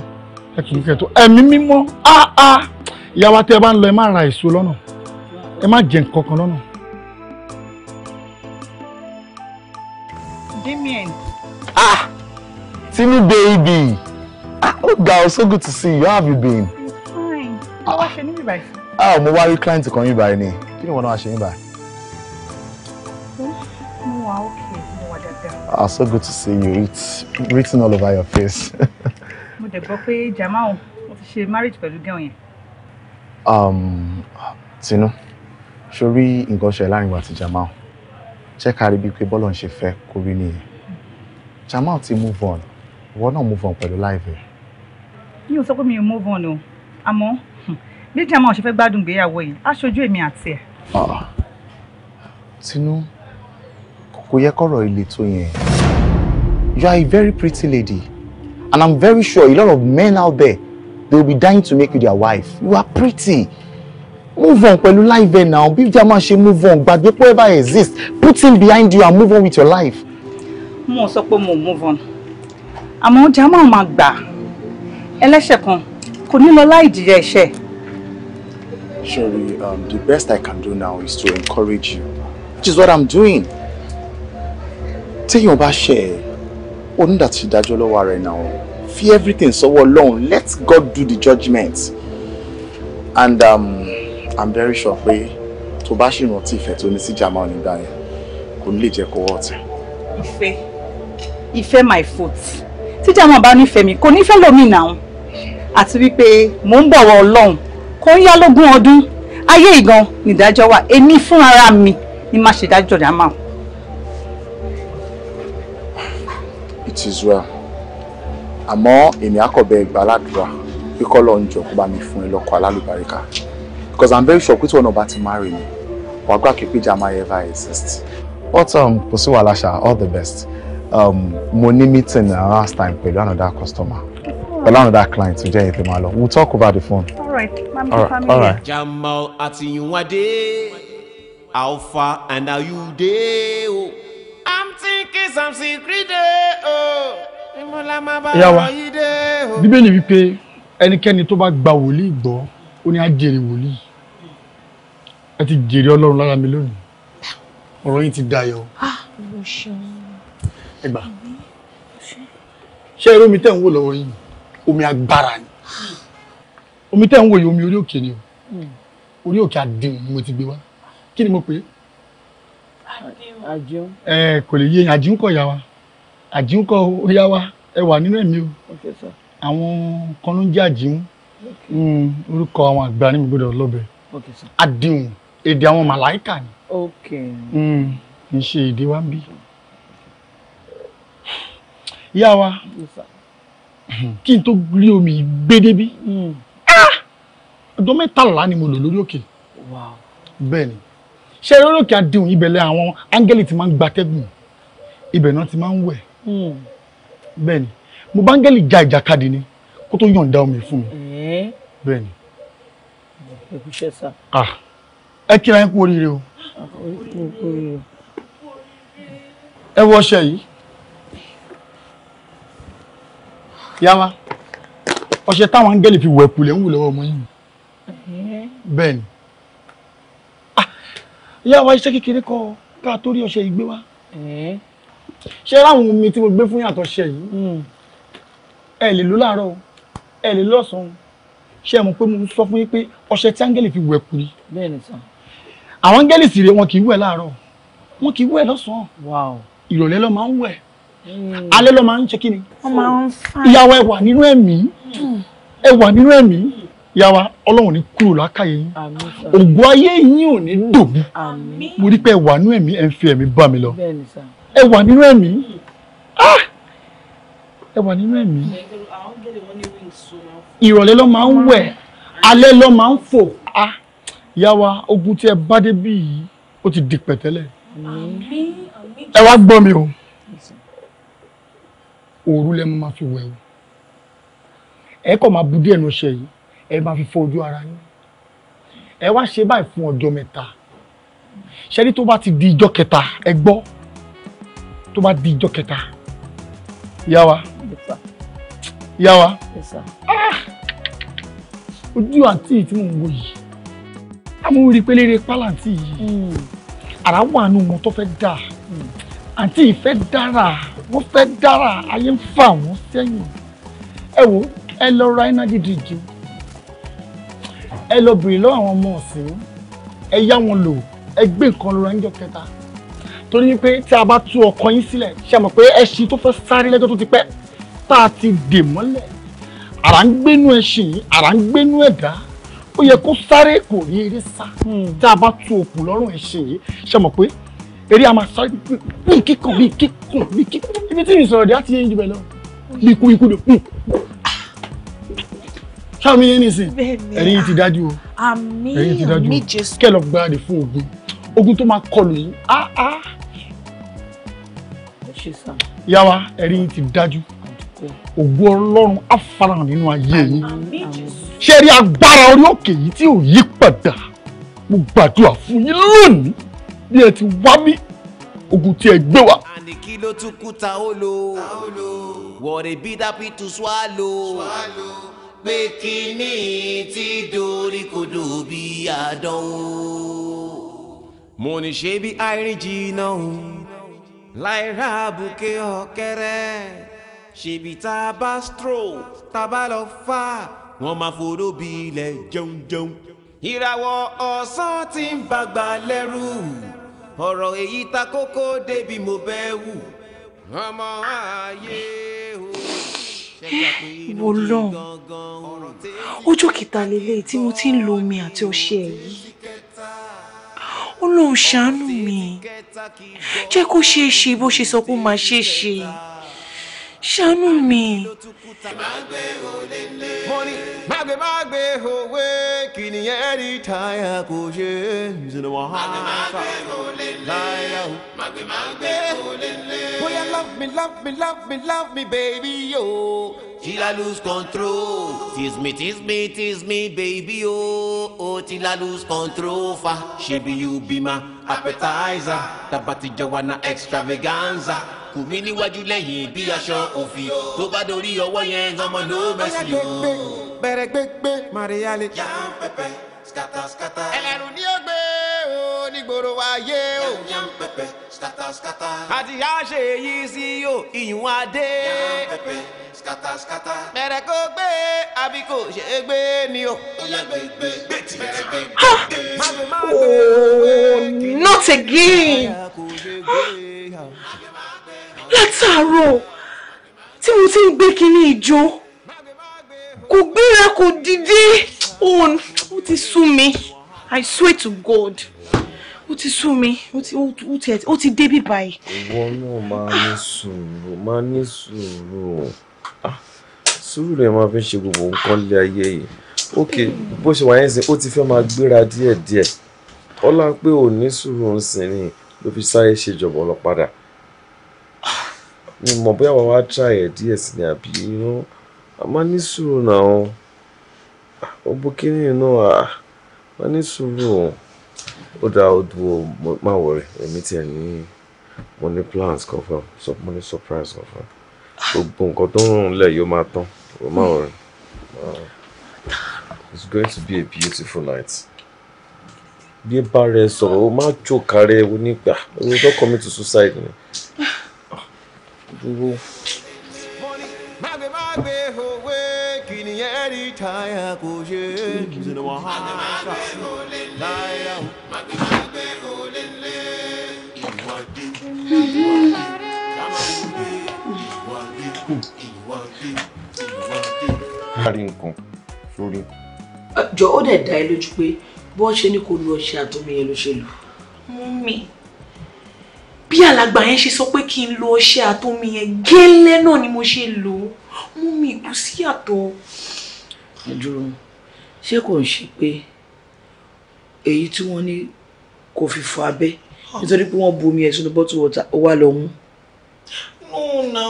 ẹ tún kẹ tó ẹ̀mí mímọ́ áá ìyàwó tẹ ẹ bá ń lọ ẹ má ra èso lọ́nà ẹ má jẹ nǹkan kan lọ́nà. Damien. ah tinu baby ah oh god so good to see you how have you been. fine mo wá ṣe níbi báyìí. ah mo wá rí client kan yín báyìí ni kí ni wọn náà ṣe yín báyìí. mo okay mo ah so good to see you it's written all over your face. mo dẹ̀ gbọ́ pé Jamal ó ti ṣe marriage pẹ̀lú girl yẹn. Um, Tinú sórí nǹkan ṣe láàrin wa àti Jamal ṣé ká rí bíi pé bọ́lọ̀ ń ṣe fẹ́ kó rí nìyẹn Jamal ti move on ìwọ náà move on pẹ̀lú life ẹ̀. mi ò sọ pé mi ò move on o àmọ́ hmm, bí Jamal ṣe fẹ́ gbádùn ìgbéyàwó yìí á ṣojú èmi àti ẹ̀. Ah, Tinú kò yẹ kọ́rọ̀ ilé tó yẹn you are a very pretty lady. And I'm very sure a lot of men out there, they will be dying to make you their wife. You are pretty. Move on pẹ̀lú life there now. Bí Jama ṣe move on, gbàgbé pé ever exist. Put him behind you and move on with your life. Mo sọ pé mo move on. Àmọ́ Jama máa gbà. Ẹlẹ́ṣẹ̀ kan kò ní lọ láì jìyà ẹ̀ṣẹ̀. Surely, um, the best I can do now is to encourage you, which is what I'm doing. Téèyàn bá ṣe ẹ̀ onídàtí ìdájọ́ lọ́wọ́ ara ẹ̀ náà fi everything sọ́wọ́ ọlọ́run let God do the judgement and um, I'm very sure pé tó bá ṣì rántí ìfẹ́ tó ní sí jama onígbà yẹn kò ní lè jẹ́ kó wọ́ ọ̀tẹ̀. ìfẹ́ my foot tí jama bá nífẹ̀ẹ́ mi kò nífẹ̀ẹ́ lómi náà àti wípé mò ń bọ̀wọ̀ ọlọ́run kò ń yá lógún ọdún ayé ìgan nìdájọ́ wà èmi fúnra mi ni má ṣe dájọ́ jama. it is well àmọ́ èmi àkọ́bẹ̀ ìgbàládùra pé kọ́ lọ́ọ́ ń jọ kó bá mi fún ẹ lọ́kọ alálùbáríkà because i'm very sure pé tí wọn náà bá ti marry me wàá gbà kí péjà máa ever exist. but um, kò sí wàhálà ṣá all the best um, mo um, ní meeting last time pẹ̀lú another customer pẹ̀lú another client tó jẹ́ èyí tó máa lọ we'll talk over the phone. all right mami all right, all right. Jamal àti Yunwade how far and how you dey o. Oh ìyá wa bíbélì wípé ẹnikẹ́ni tó bá gba wòlíì gbọ́ ó ní á jèrè wòlíì ẹ ti jèrè ọlọ́run lára mi lónìí ọ̀rọ̀ yìí ti dayọ̀ ah, ẹ gbà ṣé irú omi tẹ́ ń wò lọ́wọ́ yìí omi agbára ni omi tẹ́ ń wò yìí omi orí òkè ni o hmm. orí òkè adé ni mo ti gbé wá kí ni mo pè é àjíún. ẹ kò lè yé yín àjíún kọ yá wa àjíún kọ ó yá wa ẹ wà nínú ẹ̀mí o àwọn kan ló ń jẹ́ àjíún hmm, orúkọ àwọn àgbà ní mi gbọ́dọ̀ lọ́bẹ̀ àdìhùn èdè àwọn màláìkà ni hmm, kì í ṣe èdè wa ń bí. yá wa kí n tó rí omi gbédébí hmm. ah! ọjọ́ mẹ́tàlá ni mo lò lórí òkè bẹ́ẹ̀ ṣe eré òkè àdéhùn ibẹ̀lẹ̀ àwọn áńgẹ́lì ti máa ń gbatẹ́gùn ibẹ̀ náà ti máa ń wẹ̀ hmm. bẹ́ẹ̀ ni mo bá áńgẹ́lì ja ìjàkadì ni kó tó yọ̀ǹda omi fún mi eh? bẹ́ẹ̀ ni. Ah. ẹ kíra yín kú oríire o ẹ wọ ọṣẹ yìí yàrá ọṣẹ táwọn áńgẹ́lì fi wẹ̀ kulẹ̀ ń wù lọ́wọ́ ọmọ yìí eh? bẹ́ẹ̀ ìyá wa iṣẹ́ kékeré kọ́ ká torí ọṣẹ ìgbé wa ṣé ráwọn omi tí mo gbé fún yàtọ̀ ṣe yìí hmm. ẹ lè lò láàárọ̀ ẹ lè lò lọ́sàn-án ṣé ẹ mọ̀ pé mo sọ fún yín pé ọṣẹ tí áńgẹ́lì fi wẹ̀ kúri àwọn áńgẹ́lì sì rè wọn kì í wẹ̀ láàárọ̀ wọn kì í wẹ̀ lọ́sàn-án ìrọ̀lẹ́ ló máa ń wẹ̀ hmm. alẹ́ ló máa ń ṣe kí ni ìyàwó ẹ wà nínú ẹ̀mí hmm. ẹ wà nínú ẹ̀mí yàwá ọlọ́run ní kúrò lákàyè yín ògùn ayé yín ò ní dòbí mo rí pé ẹ wà nínú ẹ̀mí ẹ ń fi ẹ̀mí bá mi lọ ẹ wà nínú ẹ̀mí ah! ẹ wà nínú ẹ̀mí ìrọ̀lẹ́ ló máa ń wẹ̀ alẹ́ ló máa ń fò á ah! yàwá ogun tí ẹ bá dé bí yìí ó ti di pẹ̀tẹ́lẹ̀ ẹ wá gbọ́ mi o òru lẹ́ máa fi wẹ̀ o ẹ kọ́ máa bu díẹ̀ nu ọṣẹ yìí ẹ máa fi fọ ojú ara yín ẹ wá ṣe báyìí fún ọjọ́ mẹ́ta ṣẹ́ni tó bá ti di ijọ́ kẹta ẹ gbọ́ tó bá di ijọ́ kẹta ìyá wa ìyá wa ah! ojú àǹtí tí mò ń wò yìí amúrí pélére pálàǹtì yìí ara hmm. wà nù wọn tó fẹ́ dà hmm. àǹtí yìí fẹ́ dára wọ́n fẹ́ dára ayé ń fà wọ́n sẹ́yìn ẹ wo ẹ lọ ra energy drink o ẹ lọ bèrè lọ́wọ́ àwọn ọmọ ọ̀sìn ẹ yá wọn lò ẹ gbé nǹkan lọ́ra níjọ́ kẹta torí pé tí a bá tú ọkọ yín sílẹ̀ ṣe mọ̀ pé ẹṣin tó fẹ́ sáré lẹ́jọ́ tó ti pẹ́ tá a ti dè mọ́lẹ̀ àrà ń gbénú ẹṣin àrà ń gbénú ẹ̀dá ó yẹ kó sáré kò rí eré sá hmm. tí a bá tú òkú lọ́rùn ẹṣin yìí ṣe mọ̀ pé eré a máa sáré bí kíkàn bí kíkàn bí kíkàn ibi tí ìsọ̀rọ̀ á ti yé yín lọ bí ikú ikú lò sáàmì yín nìsín ẹ̀rín ti dájú o ẹ̀rín ti dájú o kẹ́ lọ gbáradì fún ogun ogun tó máa kọlù yín áá yàwá ẹ̀rín ti dájú ògo ọlọ́run á farahàn nínú ayé yín ṣé rí agbára orí òkè yìí tí ò yí padà mo gbàdúrà fún yín lónìí bí ẹ ti wá mí ogun tí ẹ gbé wá. àní kí ló tún kú ta ó lò wọ̀rẹ̀ bí dábì tún swallow. swallow pé kínní ti dorí kodò bí àdánwò. mo ní ṣe bí àìrìn jìnnà òun láì ra àbùké ọ̀kẹ́rẹ́ ṣèbí tá a bá stró tá a bá lọ fà wọ́n máa foró bí ilẹ̀ jẹun jẹun. ìràwọ̀ ọ̀sán ti ń bàgbà lẹ́rù ọ̀rọ̀ èyí ta kókó débi mo bẹ́ wù ọmọ ààyè wọlọ́n ọjọ́ kìta lélẹ́yìí tí mo ti ń lo omi àti ọṣẹ yìí ọlọ́run ṣàánú mi jẹ́ kó ṣeé ṣe bó ṣe sọ pé ó máa ṣeé ṣe ṣàánú mi. mo ní magbe magbe òwe kìnìyẹn rí táyà kò ṣe é ṣẹlẹ̀ wọ́n á fà láyà magbe magbe òwe bóyá love me love me love me love me baby yo. Till lose control, tease me, tease me, tease me, baby, oh, oh, till lose control, fa, she be you be my appetizer, tabati jawana extravaganza, kù mí níwájú lẹ́yìn bí aṣọ òfì tó bá dorí ọwọ́ yẹn ọmọ ló mẹ́sì o. bẹ̀rẹ̀ gbégbé mariale. yà ń pẹpẹ skata skata. ẹlẹ́rù ni ó gbé o nígboro ayé o. yà ń pẹpẹ skata skata. àti àṣe èyí sí o ìyún adé. yà ń pẹpẹ skata skata. bẹ̀rẹ̀ kó gbé àbí kò ṣe é gbé ni o. ó yà gbégbé gbé tí bẹ̀rẹ̀ gbégbé. Oh, not again látàárọ̀ tí mo ti ń gbé kinní ìjó kò gbéra kò dìde òun ó ti sú mi i swear to god ó ti sú mi ó ti débi báyìí. ìwọ náà máa ní ah. sùúrù máa ní sùúrù ah, sùúrù rẹ máa fi ń ṣe gbogbo nǹkan lé ayé yìí ok bó ṣe wáyé sìn ó ti fẹ́ máa gbéra díẹ̀díẹ̀ ọlá pé ò ní sùúrù ń sìn ni ló fi sáré ṣèjọba ọlọ́padà mi mọ̀ bóyá wàá wá try ẹ̀ díẹ̀ sí ni àbí inú a máa ní sùúrù náà ó bó kíní náà ah, a máa ní sùúrù ó dáa ó dúró má wọrẹ èmi tiẹ̀ ní mo plans kan fún ọ surprise kan fún ọ gbogbo nǹkan tó ń rún lẹ̀ yóò máa tán ó má wọrẹ. It's going to be a beautiful night bí bá rẹ sọ̀rọ̀ o máa jò kárẹ́ onígbà o tó commit to suicide ni dúró. Mágbèmágbè òwe kìnìyàn rí táyà kò ṣe é. Mágbèmágbè òlé lé. Mágbèmágbè òlé dẹ̀ dá ẹ lójú pé bó ṣe ni kò lu ọṣẹ àtọmọ yẹn ló ṣe lù. Mú mi bí alàgbà yẹn ṣe sọ pé kí n lo ọṣẹ àtomi yẹn gẹ́lẹ́ náà ni mo ṣe lò ó mú mi ìkú sí àtọ̀. àdúró ṣé kò ń ṣe pé èyí tí wọ́n ní kò fi fọ abẹ́ ah. nítorí pé wọ́n bu omi ẹ̀sùn ní bọ́tù wọ́tà ó wà lọ mú. no na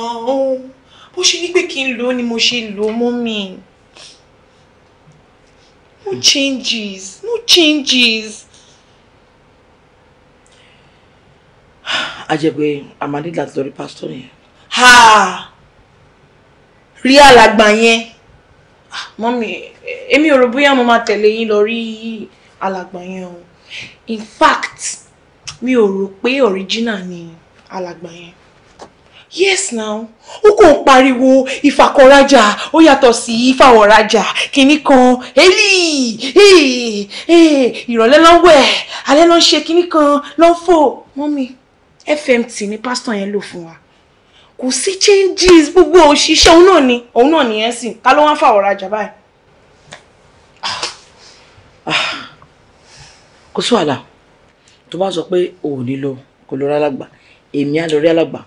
bó ṣe ní pé kí n lò ó ni mo ṣe lò ó mọ́ mi no changes no changes. a jẹ́ pé a máa nílò àti lórí pásítọ̀ nìyẹn. rí alàgbà yẹn ah, mọ́mí èmi ò rò bóyá mo máa tẹ̀lé yín lọ rí alàgbà yẹn o in fact mi ò rò pé original ni alàgbà yẹn yes now ó kò ń pariwo ìfàkọ̀rajà ó yàtọ̀ sí ìfàwọ̀rajà kìnnì kan èlì eh, eh, ìrọ̀lẹ́ lọ́wọ́ ẹ̀ alẹ́ ló ń ṣe kìnnì kan ló ń fò mọ́mí fmt ni pásítọ̀ yẹn lò fún wa kò sí changes gbogbo òṣìṣẹ́ òun náà ni òun náà ni ẹ̀ sìn ta ló wá ń fàwọ̀ rajà báyìí. kò sí wàhálà tó bá sọ pé o ni ní lọ kò lọ rí alàgbà èmi á lọ rí alàgbà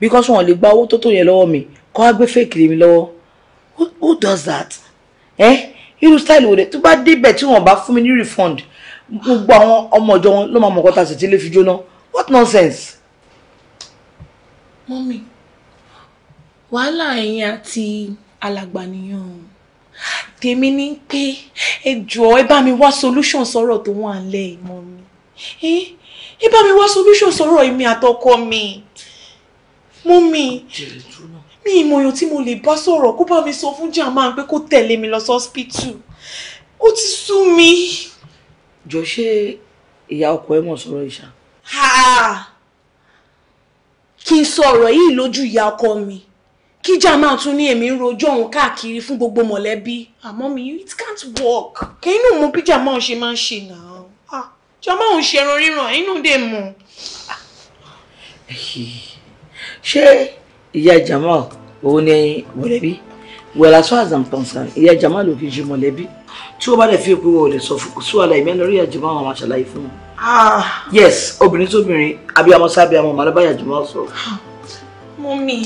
because wọn lè gba owó tó tó yẹn lọ́wọ́ mi kọ́ wá gbé fake mi lọ́wọ́ who does that eh? irú style wo de tó bá débẹ̀ tí wọ́n bá fún mi ní refund gbogbo àwọn ọmọ ọjọ́ wọn ló máa mọ̀ kọ́ta sì ti lè fi jóná. What nonsense? mommy? wàhálà ẹ̀yin àti alàgbà nìyẹn o. Tèmi ní pé ẹ jọ̀ọ́ ẹ bá mi wá solution sọ̀rọ̀ tó wà nílẹ̀ ìmọ̀ mi. Ẹ bá mi wá solution sọ̀rọ̀ èmi àtọkọ mi. mommy? mi ìmọ̀yàn tí mo lè bá sọ̀rọ̀ kó bá mi sọ fún jàmáà pé kó tẹ̀lé mi lọ hospital. Ó ti sú mi. Jọ̀ọ́ ṣé ìyá ọkọ ẹ mọ̀ sọ̀rọ̀ ìṣá? kí n sọ ọ̀rọ̀ yìí lójú ìyá ọkọ mi kíjà máa tún ní èmi ń rojọ́ òun káàkiri fún gbogbo mọ̀lẹ́bí àmọ́ mi it can't work kí inú mo bíjà máa ṣe máa ń ṣe náà jọ máa ń ṣẹran ríran inú dè mọ. ṣé ìyá Jamal òun ni mọ̀lẹ́bí well as far as i'm concerned ìyá Jamal ò kì í ṣe mọ̀lẹ́bí tí ó bá dẹ̀ fi pé wọ́n ò lè sọ fún kò sí ìyá Jamal àwọn àṣàlàyé fún wọn. Ah. yes obìnrin tóbìnrin abiyamọ sábíamọ màlúbáyà jùmọ sọ. Ah, mọ́mí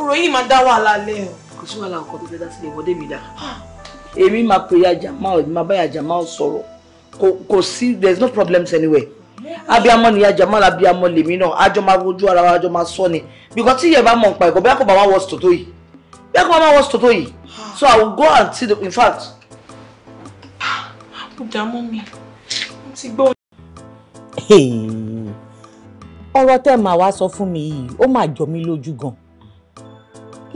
ọ̀rọ̀ yìí máa dá wàhálà lẹ́ o. kò sí wàhálà ọkọ tó fẹ́ dá sílẹ̀ ìwọ́dé mi dá. èmi máa pè yàjà máa èmi máa bá yàjà máa sọ̀rọ̀ kò sí there is no problems anywhere. abiyamọ ni yàjà máa abiyamọ lèmi náà àjọ máa rojú ara wa àjọ máa sọ ni because tí yẹn bá mọ̀ nípa ẹ̀kọ́ bí akọ̀ bá wá wọ́ọ̀sì tòótó yìí bí akọ̀ bá wá wọ́ọ̀sì tòótó yìí ah. so I will go and see the in fact kò dààmú mi mo ti gbọ́. ọ̀rọ̀ tẹ́ màá wá sọ fún mi yìí ó mà jọ mí lójú gan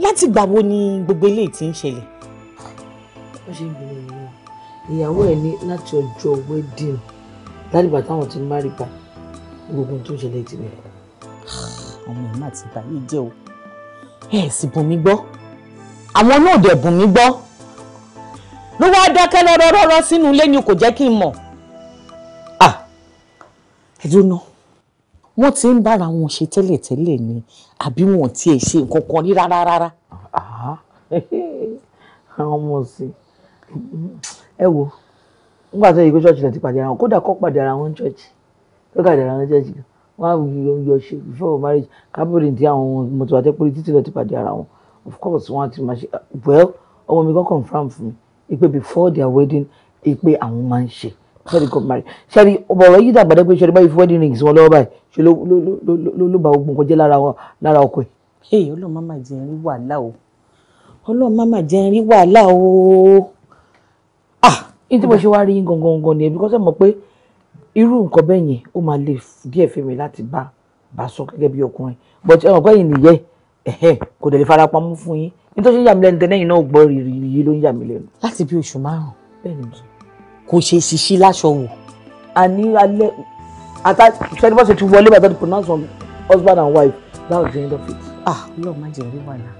láti gbà wo ni gbogbo eléyìí ti ń ṣẹlẹ̀. ó ṣe ń bèrè ìwọ ìyàwó ẹ ní láti ọjọ́ wedding lálùbà táwọn ti má rí pa gbogbo tó ń ṣẹlẹ̀ ti ọmọ ẹ̀ má ti jẹ́ o ẹ̀ sì bùn mí gbọ́ àwọn náà dẹ̀ bùn mí gbọ́ ló wá dákẹ́ lọ́rọ́rọ́rọ́ sínú ilé ni kò jẹ́ kí n mọ̀ à ah, ẹ̀dùnú wọ́n ti ń bára wọn ṣe tẹ́lẹ̀tẹ́lẹ̀ ni àbí wọn ò tiẹ̀ ṣe nǹkan kan rí rárá rárá. àwọn ah, ọmọ ọ̀sìn ẹ wo nígbà tó yẹ kó ṣọ́ọ̀ṣì náà ti pàdé ara wọn kódà kó pàdé ara wọn ṣọ́ọ̀ṣì kó pàdé ara wọn ṣọ́ọ̀ṣì wọn á yọ ṣe before marriage kábíyèrè tí àwọn mọ̀tò àtẹ́pọ̀lì títí lọ ti pàdé ara wọn of course wọn á ti máa ṣe well ọmọ mi kọ́ confam fún mi ìpè before their wedding ìpè àwọn máa ń ṣe before they got married ṣẹ́ni ọ̀rọ̀ yìí dàgbà dẹ́gbẹ́ ṣẹ́ni báyìí fi wedding rings wọn lọ́wọ́ báyìí ṣe ló ló ló ló bá ogun kọjá lára lára ọkọ ẹ̀. ee ọlọ́run má máa jẹ́ n rí wàhálà o ọlọ́run má máa jẹ́ n wàhálà o. ah ní tí mo ṣe wá rí yín gangan gangan nìyẹn bí kọ́sẹ̀ mọ̀ pé irú nǹkan bẹ́ẹ̀ yẹn ó máa le díẹ̀ fẹ́mi láti bá bá sọ gẹ́gẹ́ bí ọkùnrin but ẹ̀wọ̀n kọ́ yìí nìyẹn ẹ̀hẹ́ kò dẹ̀ lè farapamọ́ nítorí yà mí lẹ́nu tẹ́lẹ̀ yìí náà gbọ́ rírì yìí ló ń yà mí lẹ́nu. láti bí oṣù márùn kò ṣe ṣiṣi láṣọ wò. àní alẹ́ ata sẹ́ni bá ṣe ti wọlé bàtà to pronounce on husband and wife that was the end of it. ah lọ́ọ̀ má jẹ́ rí wàhálà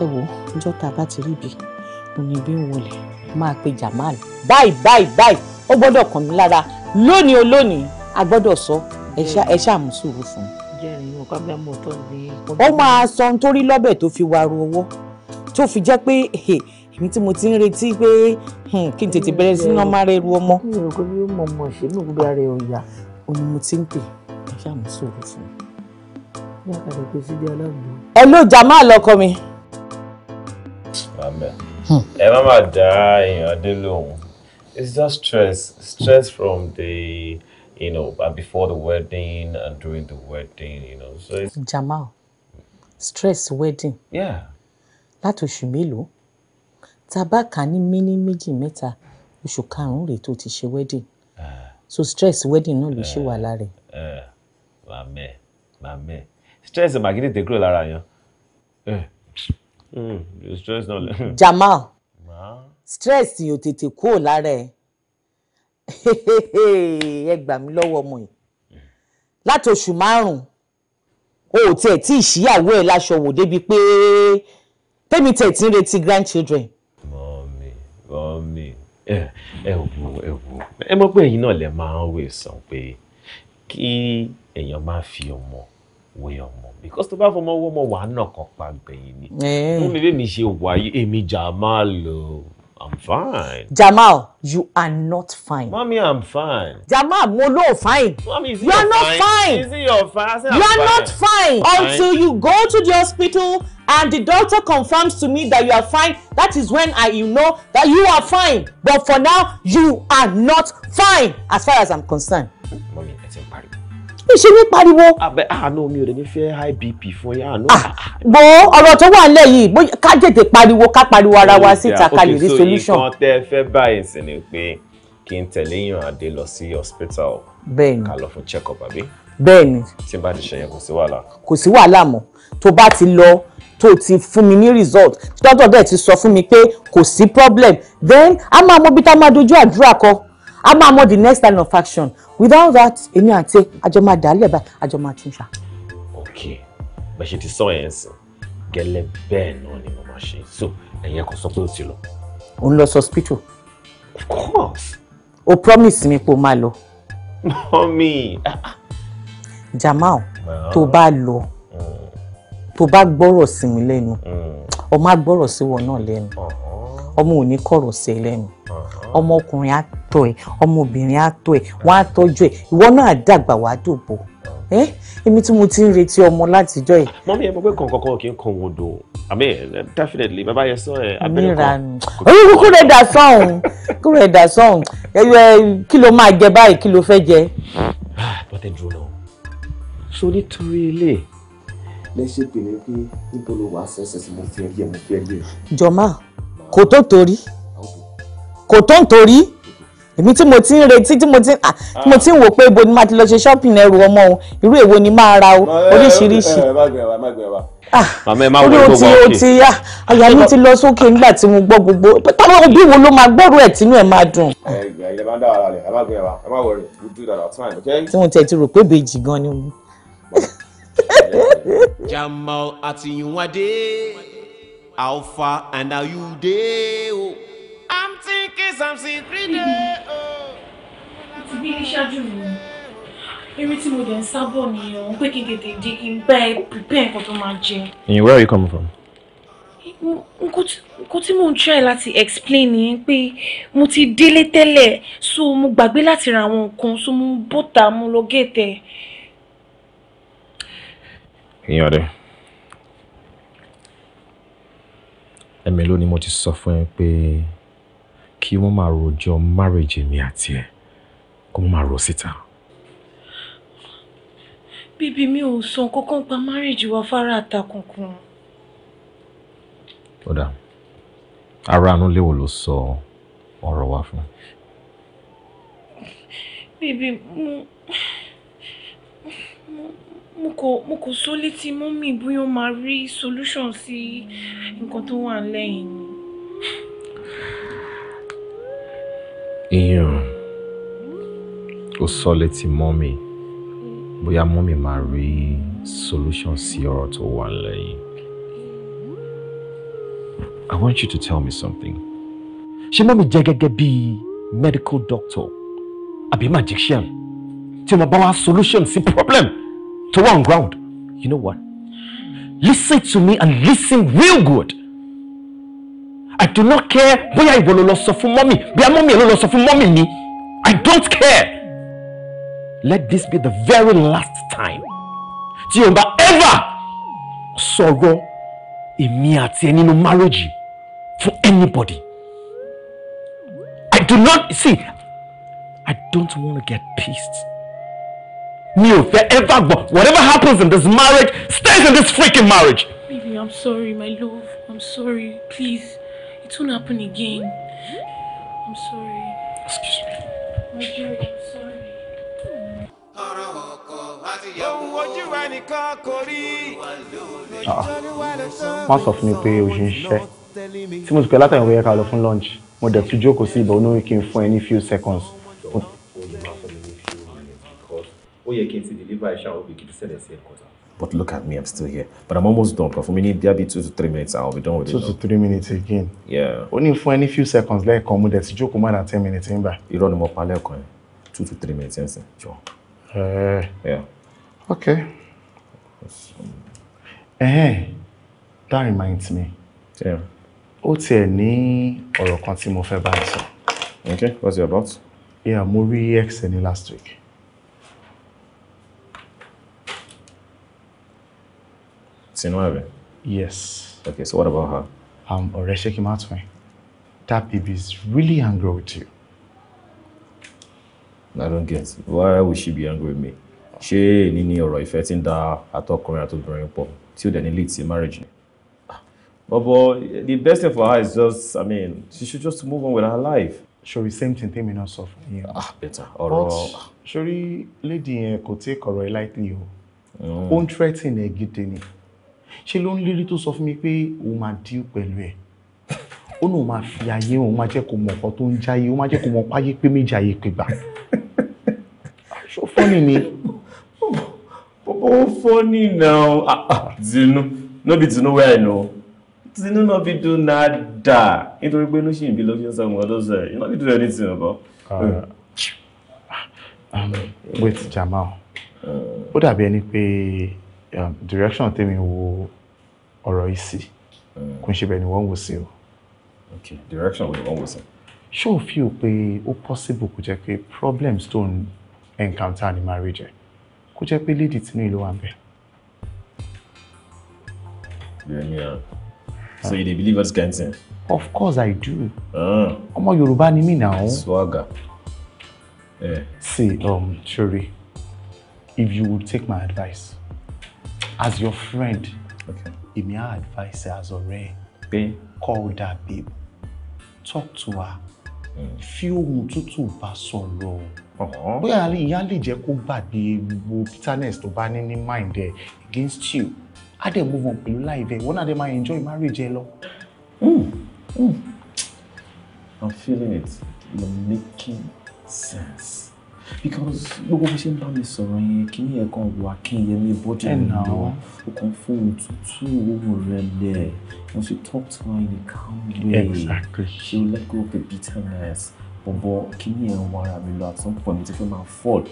ẹ wo ọjọ́ tá a bá ti rí ibi òní bí ń wọlé máa pe Jamal báyìí báyìí báyìí ó gbọ́dọ̀ kàn mí lára lónìí olónìí a gbọ́dọ̀ sọ ẹ ṣáà mú sùúrù fún un. jẹ́rìí mo kábíyá mọ́tò ní. ó máa sọ nítorí lọ́bẹ̀ tó fi wá ru owó tó fi jẹ́ pé èmi tí mo ti ń retí pé hmm, kí n tètè bẹ̀rẹ̀ sí náà má rẹ́rù ọmọ. mi ò gbé mọ ọmọ ṣe mi ò gbé ara ẹ̀ ọ̀yà. òun mo ti ń pè ẹ ṣáà mú fún mi. ní àkàtà tó sí aláàbò. ẹ ló jà máa lọkọ mi. ẹ má máa dá èèyàn dé lóhùn it's just stress stress from the you know before the wedding and during the wedding you know so Jamal stress wedding. yeah láti oṣù mélòó? Tá bá kà á ní méní méjì mẹ́ta, oṣù karùn-ún rèé tó ti ṣe wedding. Ah. So stress wedding náà ló ṣì wà ah. lára ẹ̀. Màmá ah. Stress ẹ̀ màgídé tẹ̀ kúrò lára yan. Eh. Hmm, stress náà Jamal, stress yóò tètè kúrò lára ẹ̀. Ẹ gbà mí lọ́wọ́ ọmọ yìí. Láti oṣù márùn-ún, o ò tiẹ̀ tí ìṣíyàwó ẹ̀ láṣọ wò débi pé tẹ́mi tẹ̀ tí ń retí grandchildren. mọ́mí mọ́mí ẹ ẹ wo ẹ wo ẹ mọ̀ pé ẹ̀yin náà lè máa ń wè sàn pé kí èèyàn máa fi ọmọ wé ọmọ because tó bá fọmọ owó ọmọ wàá náà kan pa gbẹ̀yìn ni fún mi bẹ́ẹ̀ mi ṣe wáyé èmi Jamal o. I'm fine. Jamal, you are not fine. Mommy, I'm fine. Jamal, mo lo fine. Mommy, is you are fine? not fine. Is it your fine? You are fine. not fine, fine until you go to the hospital and the doctor confirms to me that you are fine that is when i you know that you are fine but for now you are not fine as far as i'm concerned. mọ́mí ẹ ti ń pariwo. iṣẹ́ ní pariwo. abẹ àánú ah, mi ò lè ní fẹ́ high bp fún yín àánú. Ah, bo ah, ọ̀rọ̀ tó wà nílẹ̀ yìí bóyá ká jètè pariwo ká pariwo ara wa síta ká lè rí solution. ok so nǹkan tẹ́ ẹ fẹ́ báyìí sí ni pé kí n tẹ̀lé yàn adé lọ sí hospital. bẹ́ẹ̀ni ká lọ fún check up àbí. bẹ́ẹ̀ni. tí n bá ti ṣe yẹn kò sí wàhálà. kò sí wàhálà mọ́ tó bá ti lọ tó ti fún mi ní result doctor dẹ̀ ti sọ fún mi pé kò sí problem then a máa mọ bí tá a máa dojú àdúrà kọ a máa mọ the next line of action without that èmi àti àjọ máa dàálẹ̀ báyìí àjọ máa tún ṣá. ok bẹ́ẹ̀ ṣe ti sọ yẹn sìn gẹ́lẹ́ bẹ́ẹ̀ náà ni mo máa ṣe so ẹ̀yin ẹ̀kọ́ sọ pé o ti lọ. ò ń lọ hospital. of course. o promise mi pé o máa lọ. mọ́mí. Jamal tó bá lọ. Mm tó bá gbọ́rọ̀ sí mi lẹ́nu mm. ọmọ á gbọ́rọ̀ sí wọn náà lẹ́nu uh-huh. ọmọ ò ní kọ̀rọ̀ sí ẹ lẹ́nu uh-huh. ọmọkùnrin á tọ́ ẹ ọmọbìnrin á tọ́ ẹ wọ́n á tọ́jú ẹ ìwọ náà dàgbà wá dòbò ẹ uh-huh. eh? èmi tí mo ti ń retí ọmọ látijọ́ yìí. mọ́mí ẹ mọ̀ pé kàn kọ́kọ́ kì í kan wọn dò àmì definitely bàbá yẹn sọ ẹ abẹ́rẹ́ kan. orí kúkú rẹ̀ dà sọ́hùn kúkú rẹ̀ dà sọ́hùn kí ló máa jẹ báyìí kí ló fẹ́ jẹ. Ah, bọ́tẹ̀ nítorí ilé lẹ́sẹ̀ pè mí pé níbo ló wà sẹ́sẹ̀ sí mo fi ẹ̀rí ẹ̀ mo fi ẹ̀rí ẹ̀. jọ̀má kò tó torí kò tó nítorí èmi tí mo ti ń retí tí mo ti ń tí mo ti ń wò pé ibo ni máa ti lọ ṣe shopping ẹrù ọmọ òun irú èwo ni máa ra o oríṣiríṣi. màmá ẹ má wọ gbogbo òkè orí o ti yá àyà mi ti lọ sókè nígbà tí mo gbọ́ gbogbo táwọn òbí wo ló máa gbọ́rọ̀ ẹ̀ tínú ẹ̀ máa dùn. tí mo tẹ̀ ti rò pé bèjì gan ni mo. Jamal Atiyunwade Alpha and Ayude o. I'm thinking something great o. Àti bí iṣáájú mi, eré tí mo dẹ̀ ń sábọ̀ nìyẹn, pé kí n tètè di kí n pípẹ́ nǹkan tó máa jẹ. Ìyìn, where are you coming from? nǹkan tí mò ń try láti explain ni pé mo ti délé tẹ́lẹ̀ so mo gbàgbé láti ra àwọn nǹkan so mo bọ́ta mo lọ gẹ̀ẹ́tẹ̀. Èèyàn ọ̀dẹ̀, ẹ̀ẹ̀mélòó ni mo ti sọ fún ẹ pé kí wọ́n máa rojọ́ marriage èmi àti ẹ, kó má máa rò síta. Baby mi ò sọ nǹkan kan pa marriage wa fárata kankan. Ó dáa, ara àánú léwo ló sọ ọ̀rọ̀ wa fún. Baby mo mo kò mo kò sọ létí mọ́mì bóyá ó máa rí solution sí nǹkan tó wà lẹ́yìn ni. Iyàn ó sọ létí mọ́mì bóyá mọ́mì máa rí solution sí ọ̀rọ̀ tó wà lẹ́yìn. I want you to tell me something. Ṣé mọ́mì jẹ́ gẹ́gẹ́ bíi medical doctor àbí magician tí wọ́n bá wá solution sí problem? to one on ground? You know what? Listen to me and listen real good. I do not care bóyá I ló lọ sọ fún mọ́mì bóyá mọ́mì ló lọ sọ fún mọ́mì mi. I don't care. Let this be the very last time Do you bá ever in me at any no marriage for anybody. I do not see I don't want to get pissed mi ò fẹ́ ever gbọ́ whatever happens in this marriage stays in this freaking marriage. baby i'm sorry my love i'm sorry please it won't happen again i'm sorry. excuse me. my dear i'm sorry. ọ̀rọ̀ ọkọ àti ìyàwó ojú wa nìkan kò rí. má sọ fún mi pé o ṣe ń ṣiṣẹ́ tí mo ti pẹ́ látàrí ìwé ẹ̀ka lọ fún lunch mo dẹ̀ tún jókòó sí ìbọn onórí kí n fún ẹ ní few seconds. ó yẹ kí deliver iṣẹ́ àwọn òbí kí n ṣẹlẹ̀ But look at me, I'm still here. But I'm almost done. But for me, there be two to three minutes. I'll be done with it. Two to three minutes again. Yeah. Only for any few seconds Let lẹ́ẹ̀kan mo dẹ̀ ti jókòó more than ten minutes ń bà. Irọ́ ni mo pa lẹ́ẹ̀kan yẹn. Two to three minutes ń sìn. Jọ. Ẹ̀ẹ́. Okay. Ẹ̀hẹ́n. That reminds me. Yeah. Ó tiẹ̀ ní ọ̀rọ̀ kan tí mo fẹ́ bá sọ. Okay, what's it about? Yeah, mo rí ex ẹni last week. Tinwebe? Yes. Okay, so what about her? Um, Oresheki Matwe. That baby is really angry with you. I don't get it. Why would she be angry with me? Ṣé èyí ni ọ̀rọ̀ ìfẹ́ tí ń da àtọkùnrin àtobìnrin pọ̀ tí ó dẹ̀ ní lead sí marriage ni? Ah, Bọ̀bọ̀ the best thing for her is just I mean she should just move on with her life. Ṣorí same thing tèmi náà sọ fún Ah better ọ̀rọ̀. But ṣorí lady yẹn kò take ọ̀rọ̀ ẹ lightly o. Mm. Ó ń threaten ẹ gidi ni ṣe ló ń lérí tó sọ fún mi pé òun máa dín pẹ̀lú ẹ̀ ó náà máa fi ayé òun máa jẹ́ kó mọ̀ ọ̀kan tó ń jáyé ó máa jẹ́ kó mọ̀ páyé pé méjì ayé pé ṣó fọ́nì ni. ó fọ́nì náà Zinu no be Zinu where I know Zinu no be do nada nítorí pé inú ṣì ń bí lọ́jọ́ sọ ọmọ ọdún sẹ́yìn you no be do anything about. Ah, um, wait Jamal ó dàbí ẹni pé direction um, tèmi wo ọ̀rọ̀ yìí sí mm. kò ń ṣe bẹ́ẹ̀ ni wọ́n ń wò sí o. ok direction wo ni wọ́n wò sí. ṣé o fi o pé ó possible kó jẹ́ pé problems tó ń encounter ní marriage ẹ̀ kó jẹ́ pé lady tinú ìlú wa ń bẹ̀. so you dey believe all this kind of thing. of course i do. Ah. ọmọ ah. yorùbá ni mí náà. swagger. Yeah. see um, sori if you would take my advice as your friend èmi á advice as ọ̀rẹ́ pé call that babe talk to her hmm. fi ohun tútù bá sọ̀rọ̀ bóyá ìyá lè jẹ́ kó gbàgbé gbogbo bitterness tó bá ní ní mind ẹ̀ against you á dẹ̀ move on pẹ̀lú life ẹ̀ wọ́n náà dẹ̀ máa enjoy marriage ẹ lọ. Hmm. Hmm. I'm feeling it. You're making sense because gbogbo bó ṣe ń bá mi sọ̀rọ̀ yẹn kí ni ẹ̀kan wà kí n yẹ mi bọ́dì ọ̀dọ́ ọkàn fóun tútù ohun rẹ̀ lẹ̀ wọ́n sì talk to her in a calm way exactly. she will let go of the bitterness bọ̀bọ̀ kí ni ẹ̀ ń wá ara mi lọ at some point ti fẹ́ máa fall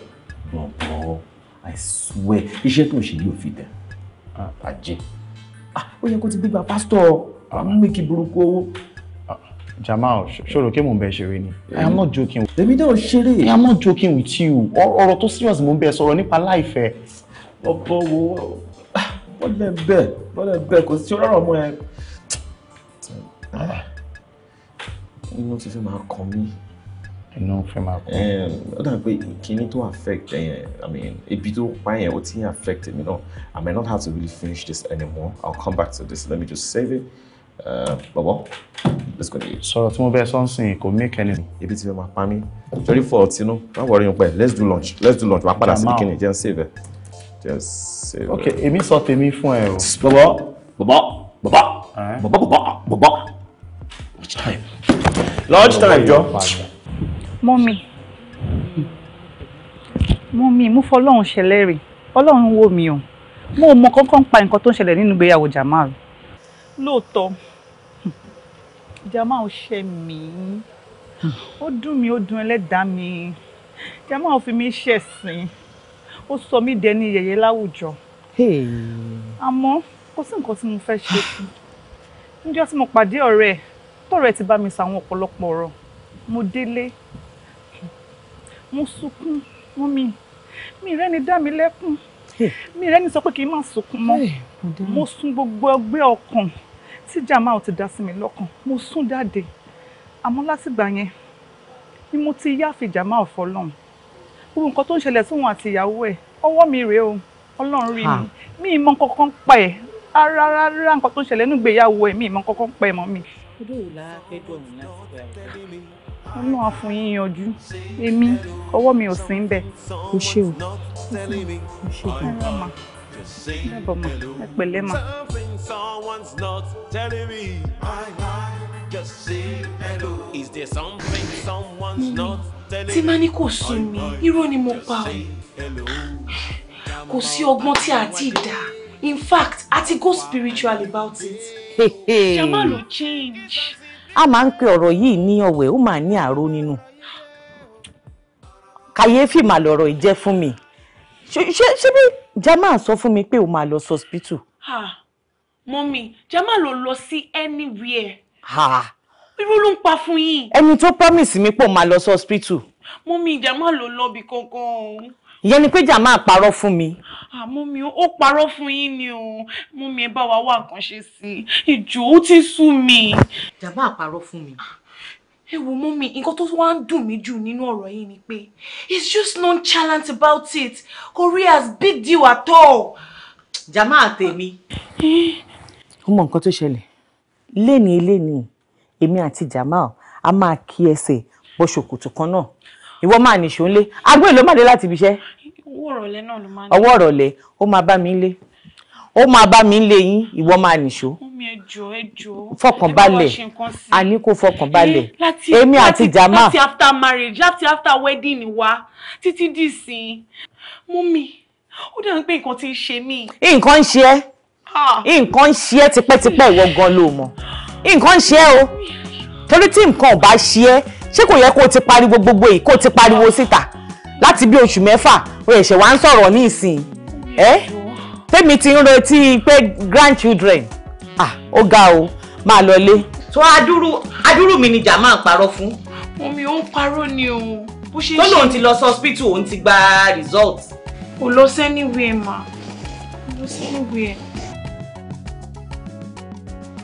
bọ̀bọ̀ I swear iṣẹ́ tó ń ṣe yóò fi dẹ̀ ah. bàjẹ́ ah, ó yẹ kó ti gbégbá pásítọ̀ àmúmíkì ah. burúkú owó. Jamal ṣòro kí mò ń bẹ ṣeré ni I am not joking. èmi náà ṣeré. I am not joking with you ọ̀rọ̀ tó serious mò ń bẹ sọ̀rọ̀ nípa láìfẹ́. ọ̀pọ̀ wo bọ́lẹ̀ bẹ́ẹ̀ bọ́lẹ̀ bẹ́ẹ̀ kò sí ọ̀rọ̀ ọmọ ẹ. inú ti fi máa kàn mí. inú fi máa kàn mí. ó dàbí pé kíní tó affect ẹyẹn I mean ibi tó pa yẹn ó ti affect mi náà I may not have to really finish this anymore I will come back to this let me just save it. Uh, bọ̀bọ̀ let's go to it. sọ̀rọ̀ tí mo bẹ́ẹ̀ sọ́nsìn kò make any. ebi ti fẹ́ máa pa mí torí fọ ọtí nú má wọrí yín let's do lunch let's do lunch wàá padà sí kíni jẹ́ save ẹ̀ jẹ́ save ẹ̀. ok èmi sọ tèmi fún ẹ o. bọ̀bọ̀ bọ̀bọ̀ bọ̀bọ̀ bọ̀bọ̀ bọ̀bọ̀ bọ̀bọ̀ lunch time lunch time jọ. mọ́mí mọ́mí mú fọlọ́run ṣẹlẹ́rì ọlọ́run wò mí o mo mọ kankan pa nǹkan tó ń ṣẹlẹ̀ nínú ìgbéyàwó Jamal lóòótọ́ jama ò ṣe mí ó dùn mí ó dùn ẹlẹ́dàá mi jama ò fi mí ṣẹ̀sín ó sọ mí dẹni yẹ̀yẹ́ láwùjọ àmọ́ kò sí nǹkan tí mo fẹ́ ṣe sí níjọ́ tí mo pàdé ọ̀rẹ́ tọ̀rẹ́ ti bá mi sọ àwọn ọ̀pọ̀lọpọ̀ ọ̀rọ̀ mo délé mo sunkún mú mi mi rẹ́ni dá mi lẹ́kún mi rẹ́ni sọ pé kí n má sunkún mọ́ mo sun gbogbo ọgbẹ́ ọkàn tí Jamal ti dá sí mi lọ́kàn mo sún dáde àmọ́ látìgbà yẹn ni mo ti yáfi Jamal fọlọ́run gbogbo nǹkan tó ń ṣẹlẹ̀ sóhun àti ìyàwó ẹ̀ ọwọ́ mi rèé o ọlọ́run rí mi mi ìmọ̀ kankan pa ẹ̀ rárá rárá nǹkan tó ń ṣẹlẹ̀ nígbèyàwó ẹ̀ mi ìmọ̀ kankan pa ẹ̀ mọ́ mi. ọdún wo la fẹ́ dọ̀nù láti gbà inú àfún yín yanjú èmi ọwọ́ mi ò sí ń bẹ̀. o ṣe o o ṣe o. ẹ ma ẹ bọ̀ ma ẹ pẹ̀lẹ́ ma. tí má ní kò sún mi irọ́ ni mo pa o kò sí ọgbọ́n tí a ti dá in fact a ti go spiritual about it. ṣé a change a máa ń pe ọ̀rọ̀ yìí ní ọ̀wẹ̀ ó máa ní àró nínú kàyéfì mà lọ̀rọ̀ ìjẹ́ fún mi ṣé ṣé bí Jamal sọ fún mi pé o máa lọ sọ́spítù. mọ́mí Jamal ló lọ sí anywhere. irú ló ń pa fún yín. ẹni tó promise mi pé o máa lọ sọ́spítù. mọ́mí Jamal ló lọ bí kankan ìyẹn ni pé jàmáà parọ́ fún mi. àmú mi ó parọ́ fún yín ni o mú mi ẹ bá wa wá nǹkan ṣe sí i ìjò ó ti sú mi. jàmáà parọ́ fún mi. Ah, ẹ wo mú mi nǹkan tó wá ń dùn mí jù nínú ọ̀rọ̀ yìí ni pé it's just nonchalant about it Korea's big deal at all. jàmáà tèmi. ó mọ nǹkan tó ṣẹlẹ̀ lénìí lénìí èmi àti jàmáà a máa kí ẹsẹ̀ bọ́ ṣòkòtò kan náà ìwọ máa nìṣó ńlé agbó ìlú máa dé láti ibi iṣẹ́. ọwọ́ ọ̀rọ̀lẹ́ náà ló máa ń. ọwọ́ ọ̀rọ̀lẹ́ ó máa bá mi lé ó máa bá mi lé yín ìwọ máa nìṣó. omi ẹjọ ẹjọ. fọkànbalẹ̀ àní kò fọkànbalẹ̀ eh, èmi àti jama. láti after marriage láti after wedding wa títí dì sí mummy ó dàbí pé nǹkan ti ń ṣe mí. nǹkan ń ṣe ẹ́ ah. nǹkan ń ṣe ẹ́ tipẹ́tipẹ́ ìwọ gan ló mọ̀ nǹkan ń ṣe ẹ́ o torí tí nǹkan ò bá ṣe ẹ́ ṣé kò yẹ kó o ti pariwo gbogbo yìí kó o ti pariwo síta láti bí oṣù mẹ́fà o ẹ̀ṣẹ̀ wá ń sọ̀rọ̀ ní ìsìn ẹ́ tèmi ti ń retí pé grandchildren ah ó ga o máa lọ lé. tó adúrú adúrú mi ni jà máa ń parọ́ fún. omi ò ń parọ́ ni o bó ṣe ń ṣe. tó lòun ti lọ sí hospital òun ti gba result. kò lọ sẹ́niwéé mà kò lọ sẹ́niwéé.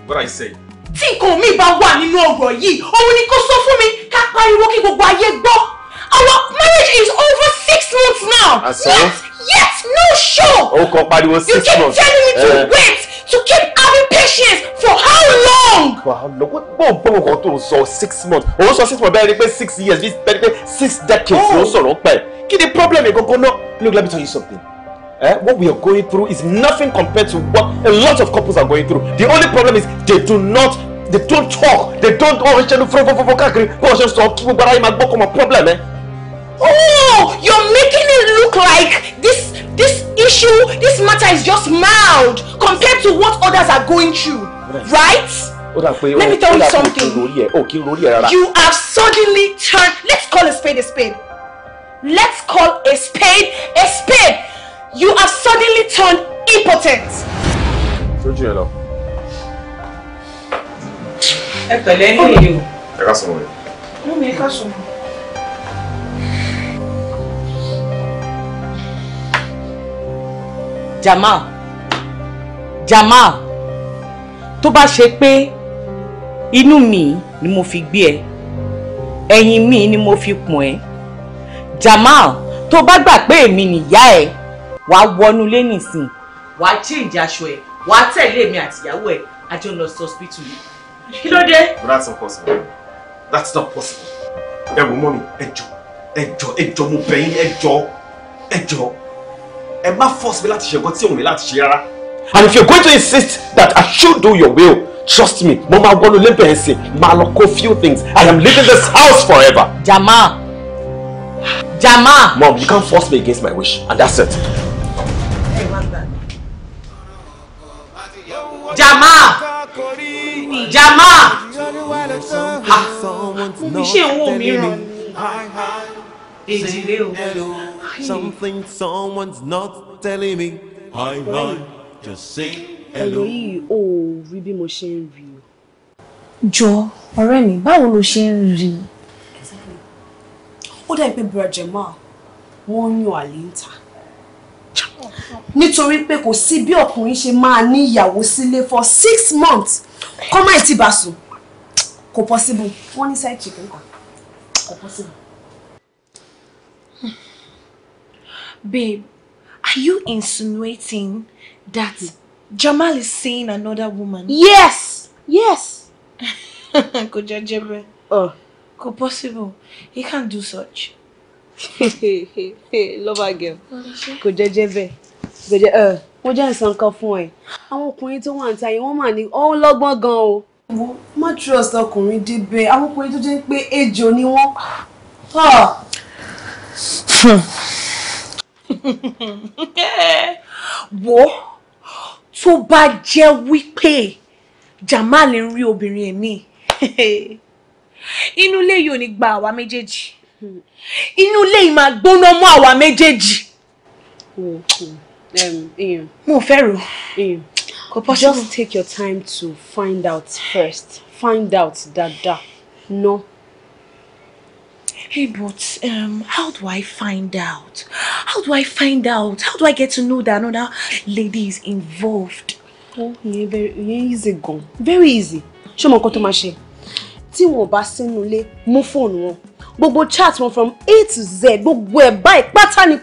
What I say tí nǹkan mi bá wà nínú ọ̀rọ̀ yìí òun ni kò sọ fún mi ká pariwo kí gbogbo ayé gbọ́ our marriage is over six months now not yet no sure o kò pariwo six months you keep telling me to uh. wait to keep having patience for how long. for how long bọ́ọ̀ bọ́ọ̀ kan tó ń sọ six months òun sọ six months bẹ́ẹ̀ ni pé six years bẹ́ẹ̀ ni pé six decades ló ń oh. sọ̀rọ̀ pẹ̀ kí ni problem yìí gangan náà look let me tell you something eh, what we are going through is nothing compared to what a lot of couples are going through. The only problem is they do not they don't talk they don't ọ̀rọ̀ oh, ṣẹlẹ̀ fúnfúnfún káàkiri problem eh? Oh, you're making it look like this this issue, this matter is just mild compared to what others are going through, right? Let me tell you something. You have suddenly turned. Let's call a spade a spade. Let's call a spade a spade. You have suddenly turned impotent. Lójú hello. lọ. Ẹ pẹ̀lẹ́ you. èyí o. Ẹ ká sọ̀rọ̀ yìí. Inú Jamal Jamal tó bá ṣe pé inú mi ni mo fi gbé ẹ ẹ̀yìn mi ni mo fi pọ̀n ẹ Jamal tó bá gbà pé èmi nìyá ẹ. E wàá wọnú ilé nìsín wàá change aṣọ ẹ wàá tẹ̀lé èmi àtìyàwó ẹ àjọ lọ sí hospital yìí kí ló dé. that's not possible that's not possible ẹ wò mọ́ mi ẹ jọ ẹ jọ ẹ jọ mo bẹ̀ yín ẹ jọ ẹ má force mi láti ṣe nǹkan tí òun mi láti ṣe rárá. and if you are going to insist that I should do your will trust me mo máa wọnú lébẹ̀ ẹ̀ sìn máa lọ kó few things I am leaving this house forever. Jama. Jama. Mom, you can't force me against my wish, and that's it máa ń gbà ní. jama jama ha mo fi ṣe ìwọ mi rùn èjì lé o. something someone's not ò rí bí mo ṣe ń rí jọ ọ̀rẹ́ mi báwo lo ṣe ń rí ó dàbí pé bùrọ̀jẹ̀ máa wọ́n ń àlè ń ta nítorí pé kò sí bí ọkùnrin ṣe máa ní ìyàwó sílé for six months kọ́má ìtì bá sùn kò possible wọ́n ní side chicken kan kò possible. Babe, are you insinuating that hmm. Jamal is seeing another woman? Yes, yes. Kò jẹ́ jẹ́bẹ̀. Oh. Kò possible. He can't do such. Lover girl. Kò jẹ́ jẹ́bẹ̀ gbèdé ẹ mo jẹ́ nǹkan kan fún ẹ àwọn ọkùnrin tó wà níta yìí wọ́n mà ní ọ́n lọ́gbọ́n gan o. wo má trust ọkùnrin débẹ̀ àwọn ọkùnrin tó jẹ́ pé ejò ni wọ́n. wo tó bá jẹ́ wípé Jamal ń rí obìnrin mi inú ilé yìí ò ní gba àwa méjèèjì inú ilé yìí máa gbóná mọ́ àwa méjèèjì. Mm-hmm. Um, Iyan. Mo fẹ́ Iyan. Just take your time to find out first. Find out dáadáa. No. Hey, but um, how do I find out? How do I find out? How do I get to know that another lady is involved? Oh, yeah, very yeah, easy gan. Very easy. Show mo nǹkan tó máa ṣe? Tí wọn phone sínú ilé, chat wọn from A to Z, gbogbo bike, báyìí pátá ni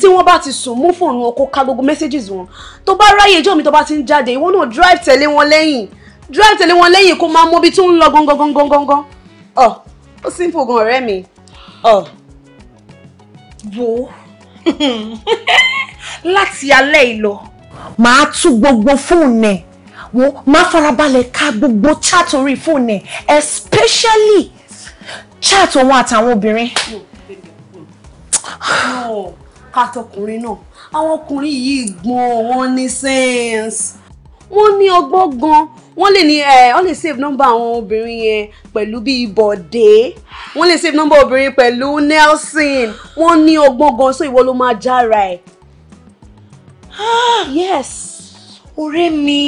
tí wọ́n bá ti sùn mú fóònù ọkọ̀ ka gbogbo messages wọn tó bá ráyè ìjọ mi tó bá ti ń jáde ìwọ náà drive tẹ̀lé wọn lẹ́yìn drive tẹ̀lé wọn lẹ́yìn kó máa mọ ibi tó ń lọ gangan gangan gangan ọ ó simple gan ọ̀rẹ́ mi ọ wo láti alẹ́ ìlọ. màá tú gbogbo fóònù ẹ̀ wo máa farabalẹ̀ ka gbogbo chat fóònù ẹ̀ especially chat òun àtàwọn obìnrin. No, kátọkùnrin náà àwọn ọkùnrin yìí gbọ́n wọn ní sense wọ́n ní ọgbọ́n gan wọ́n lè ní ẹ eh, wọ́n lè save number àwọn obìnrin yẹn pẹ̀lú bíi bọ̀dé wọ́n lè save number obìnrin pẹ̀lú Nelson wọ́n ní ọgbọ́n gan so ìwọ ló máa jára ẹ̀. Ah, yes ọ̀rẹ́ mi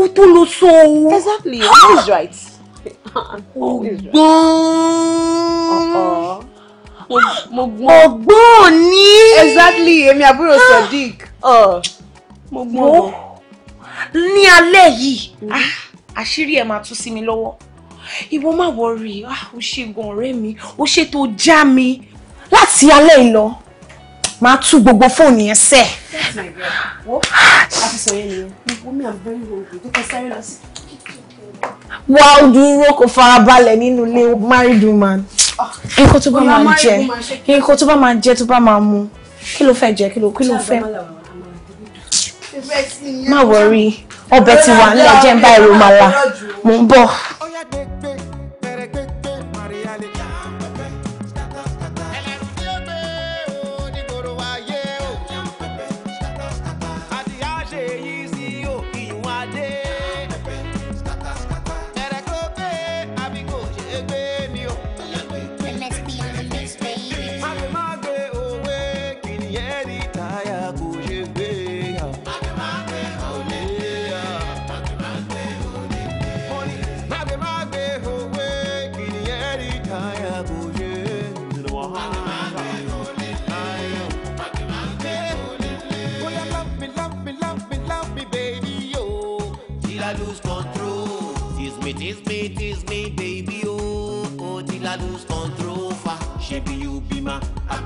o tó lo so owó. exactly that is right. ọgbọ́n. Uh-huh ògbón ni. exactly èmi àbúrò ah! sadiq. mo gbọ́ ọ. ní alẹ́ yìí mm. ah, àṣírí ẹ̀ máa tú sí mi lọ́wọ́ ìwọ má wọrí ó ah, ṣe gan ọ̀rẹ́ mi ó ṣe tó já mi láti alẹ́ ìlọ máa tú gbogbo fóònù yẹn sẹ́. wàá dúró kó farabalẹ̀ nínú ilé married woman nǹkan tó bá máa jẹ nǹkan tó bá máa jẹ tó bá máa mu kí ló fẹ́ jẹ kí ló kí ló fẹ́ má wọrí ọbẹ̀ ti wà nílẹ̀ jẹ́ ń bá èrò màlà mò ń bọ̀.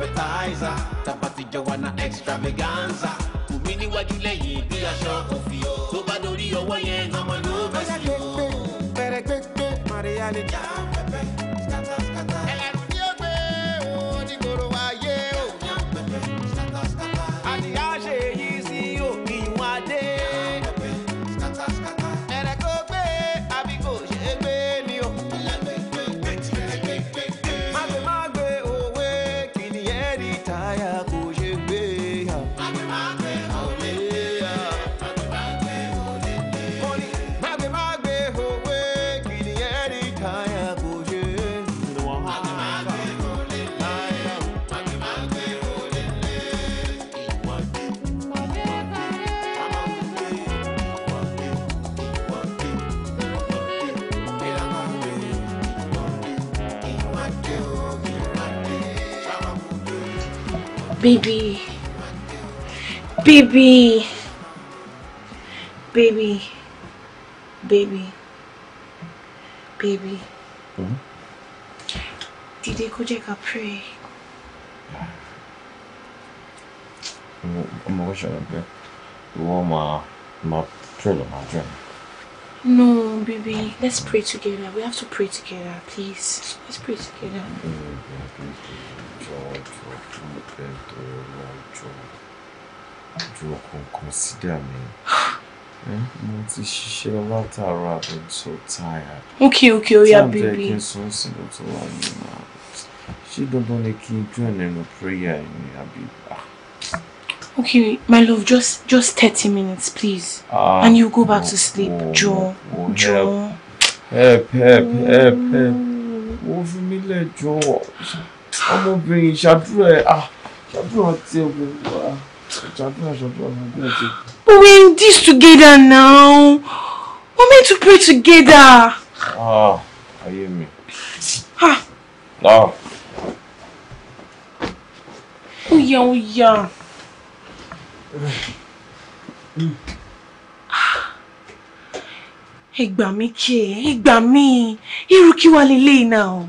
appetizer tapati jọwana extravaganza kùmí níwájú lẹ́yìn bí aṣọ òfin tó bá dórí ọwọ́ yẹn ọmọ ló bẹ̀ sí o. pẹrẹgbẹgbẹ mariale. Baby. Baby. pray together. We have to pray together, please. Let's pray together. Jọ̀ọ́ kan consider me. Mo ti ṣiṣẹ́ látàárọ̀ I'm so tired. Okay, okay, oya oh, baby. Táàbù jẹ́ kí n sún sínú tó wà nínú ààbò. Ṣé dandan ni kí n join nínú prayer ni àbí? Okay, my love, just just 30 minutes, please. Um, and you go back oh, to sleep, Joe. Oh, Joe help help help help ó mm. fi mí lẹ̀ ọmọbìnrin ṣàdúrà ẹ̀ ah ṣàdúrà tí ẹ wò wá ṣàdúrà ṣàdúrà ṣàdúrà tí ẹ. But we're in this together now. We're meant to pray together. Ah, ayé mi. Ah. Ah. Ó yá ó yá. Mm ẹ mi mí kí ẹ ẹ gbà mí irú kí wàá lélẹ́yìí náà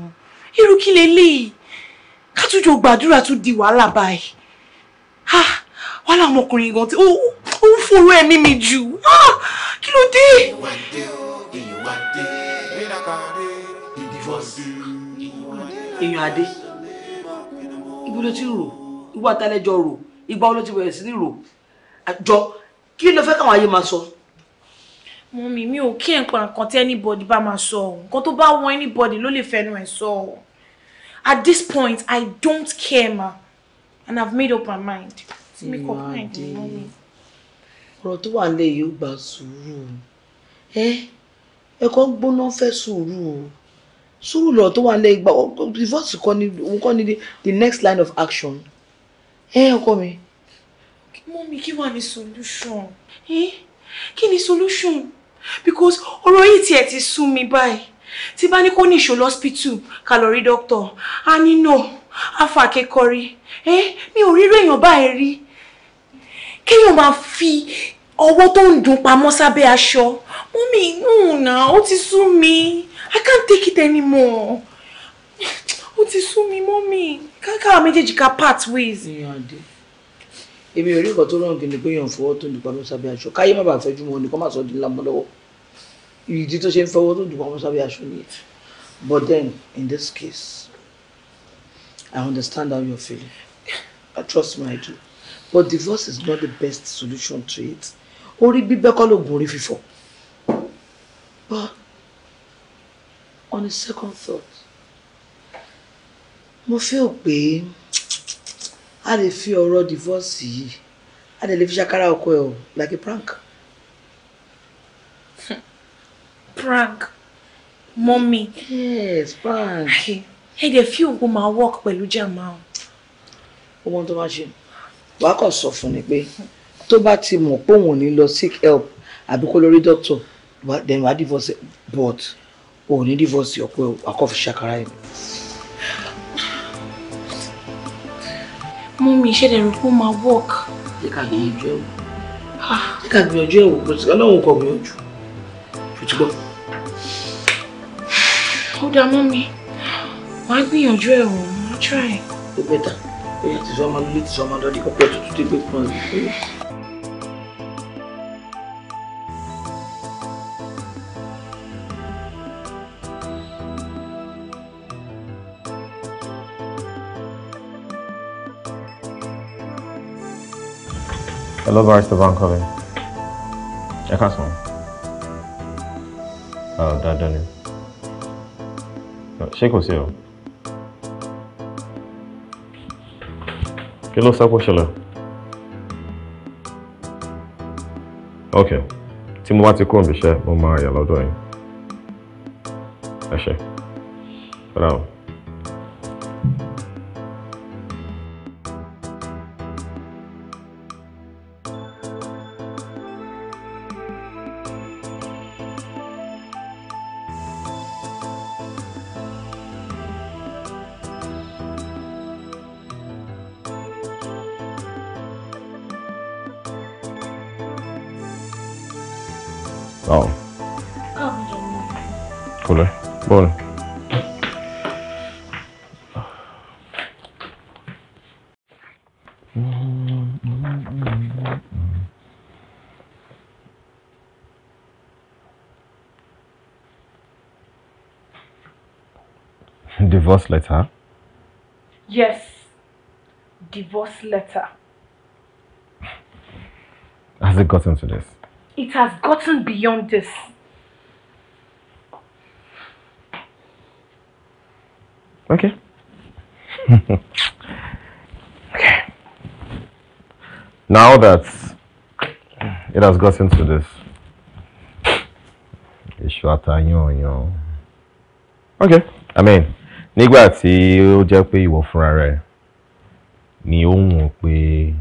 irú kí lélẹ́yìí ká tún jọ gbàdúrà tún di wàhálà báyìí wàhálà ọmọkùnrin gan tí ó ń fòrò ẹ̀mí mi jù kí ló dé. èèyàn adé ibi ló ti rò ìwà àtàlẹ́jọ rò ìgbà wo ló ti bẹ̀rẹ̀ sí ní rò àjọ kí ló fẹ́ káwọn ayé máa sọ mummy mi ò kí nǹkan nǹkan tí anybody bá máa sọ o nǹkan tó anybody ló lè fẹnu ẹ̀ sọ at this point i don't care ma and i've made up my mind to make up mind mummy. ọ̀rọ̀ tó wà nílẹ̀ yìí ó gba sùúrù ẹ ẹ̀kọ́ gbóná fẹ́ sùúrù o sùúrù lọ tó wà nílẹ̀ ìgbà divorce kọ́ ni òun kọ́ ni the next line of action ẹ ọkọ mi. mummy kí wàá ní solution kí ni solution because ọ̀rọ̀ yìí tiẹ̀ ti sún mi báyìí tí bá ní kó ní ìṣòro hospital ká lọ rí doctor a no afa akẹ́kọ̀ọ́rí Eh, mi ò rírò èèyàn báyìí rí kéèyàn máa fi ọwọ́ tó ń dùn pamọ́ sábẹ́ aṣọ mú mi ìhùn náà ó ti sú mi i can't take it anymore ó ti sú mi mọ́ mi káàkiri méjèèjì ká part ways. ìyànjú èmi ò rí nǹkan tó rọrùn kìnìún pé yàn fọwọ́ tó dùpọ̀ mọ́ sábẹ́ aṣọ káyé má bàa fẹ́jú mọ́ nìkan má sọ di lamọ́ lọ́wọ́ ìdí tó ṣe ń fọwọ́ tó dùpọ̀ mọ́ sábẹ́ aṣọ nìyẹn but then in this case I understand how you're feeling I trust me do but divorce is not the best solution to it orí bíbẹ́ kọ́ ló gun orí fífọ́ but on a second thought mo feel pé a lè fi ọ̀rọ̀ divorce yìí a lè lè fi ṣàkárà ọkọ ẹ o like a prank. prank mọ́mí. yes prank. ẹ dẹ̀ fi òògùn máa work pẹ̀lú jàmá o. ọmọ tó máa ṣe wàá kàn sọ fún ni pé tó bá ti mọ̀ pé òun ò ní lọ seek help àbí kó lọ rí doctor then wàá divorce but òun ní divorce ọkọ ẹ wàá kàn fi ṣàkárà yìí. mú mi ìṣẹ̀lẹ̀ rẹ̀ kó máa work. jẹ́ ká gbìyànjú ẹ̀ wò jẹ́ ká gbìyànjú ẹ̀ wò bọ̀tí ọlọ́run kò gbìyànjú ṣùtú gbọ́. ó dá mọ́ mi wàá gbìyànjú ẹ̀ wò wọ́n try. ó bẹ̀ta ó yà ti sọ ọmọ lórí ti sọ ọmọ lórí kọ́kọ́ tuntun tó gbé fún ọ Hello, Barrister Bankole. Ẹ káàsán. Ọ̀ dáadáa ni. Ṣé kò sí o? Kí ló sápò ṣẹlẹ̀? Ok, tí mo bá ti kó òǹbíṣẹ́, mo máa yà lọ́dọ̀ yín. Ẹ ṣé. Rárá o. Ja. Kolla. Var? Divorce letter? Yes. Divorce letter. Has it gotten to this? It has gotten beyond this. Okay. okay. Now that it has gotten to this, Okay. I mean, nígbà tí ó jẹ́ pé ìwọ fúnra rẹ̀ ni ó wùn pé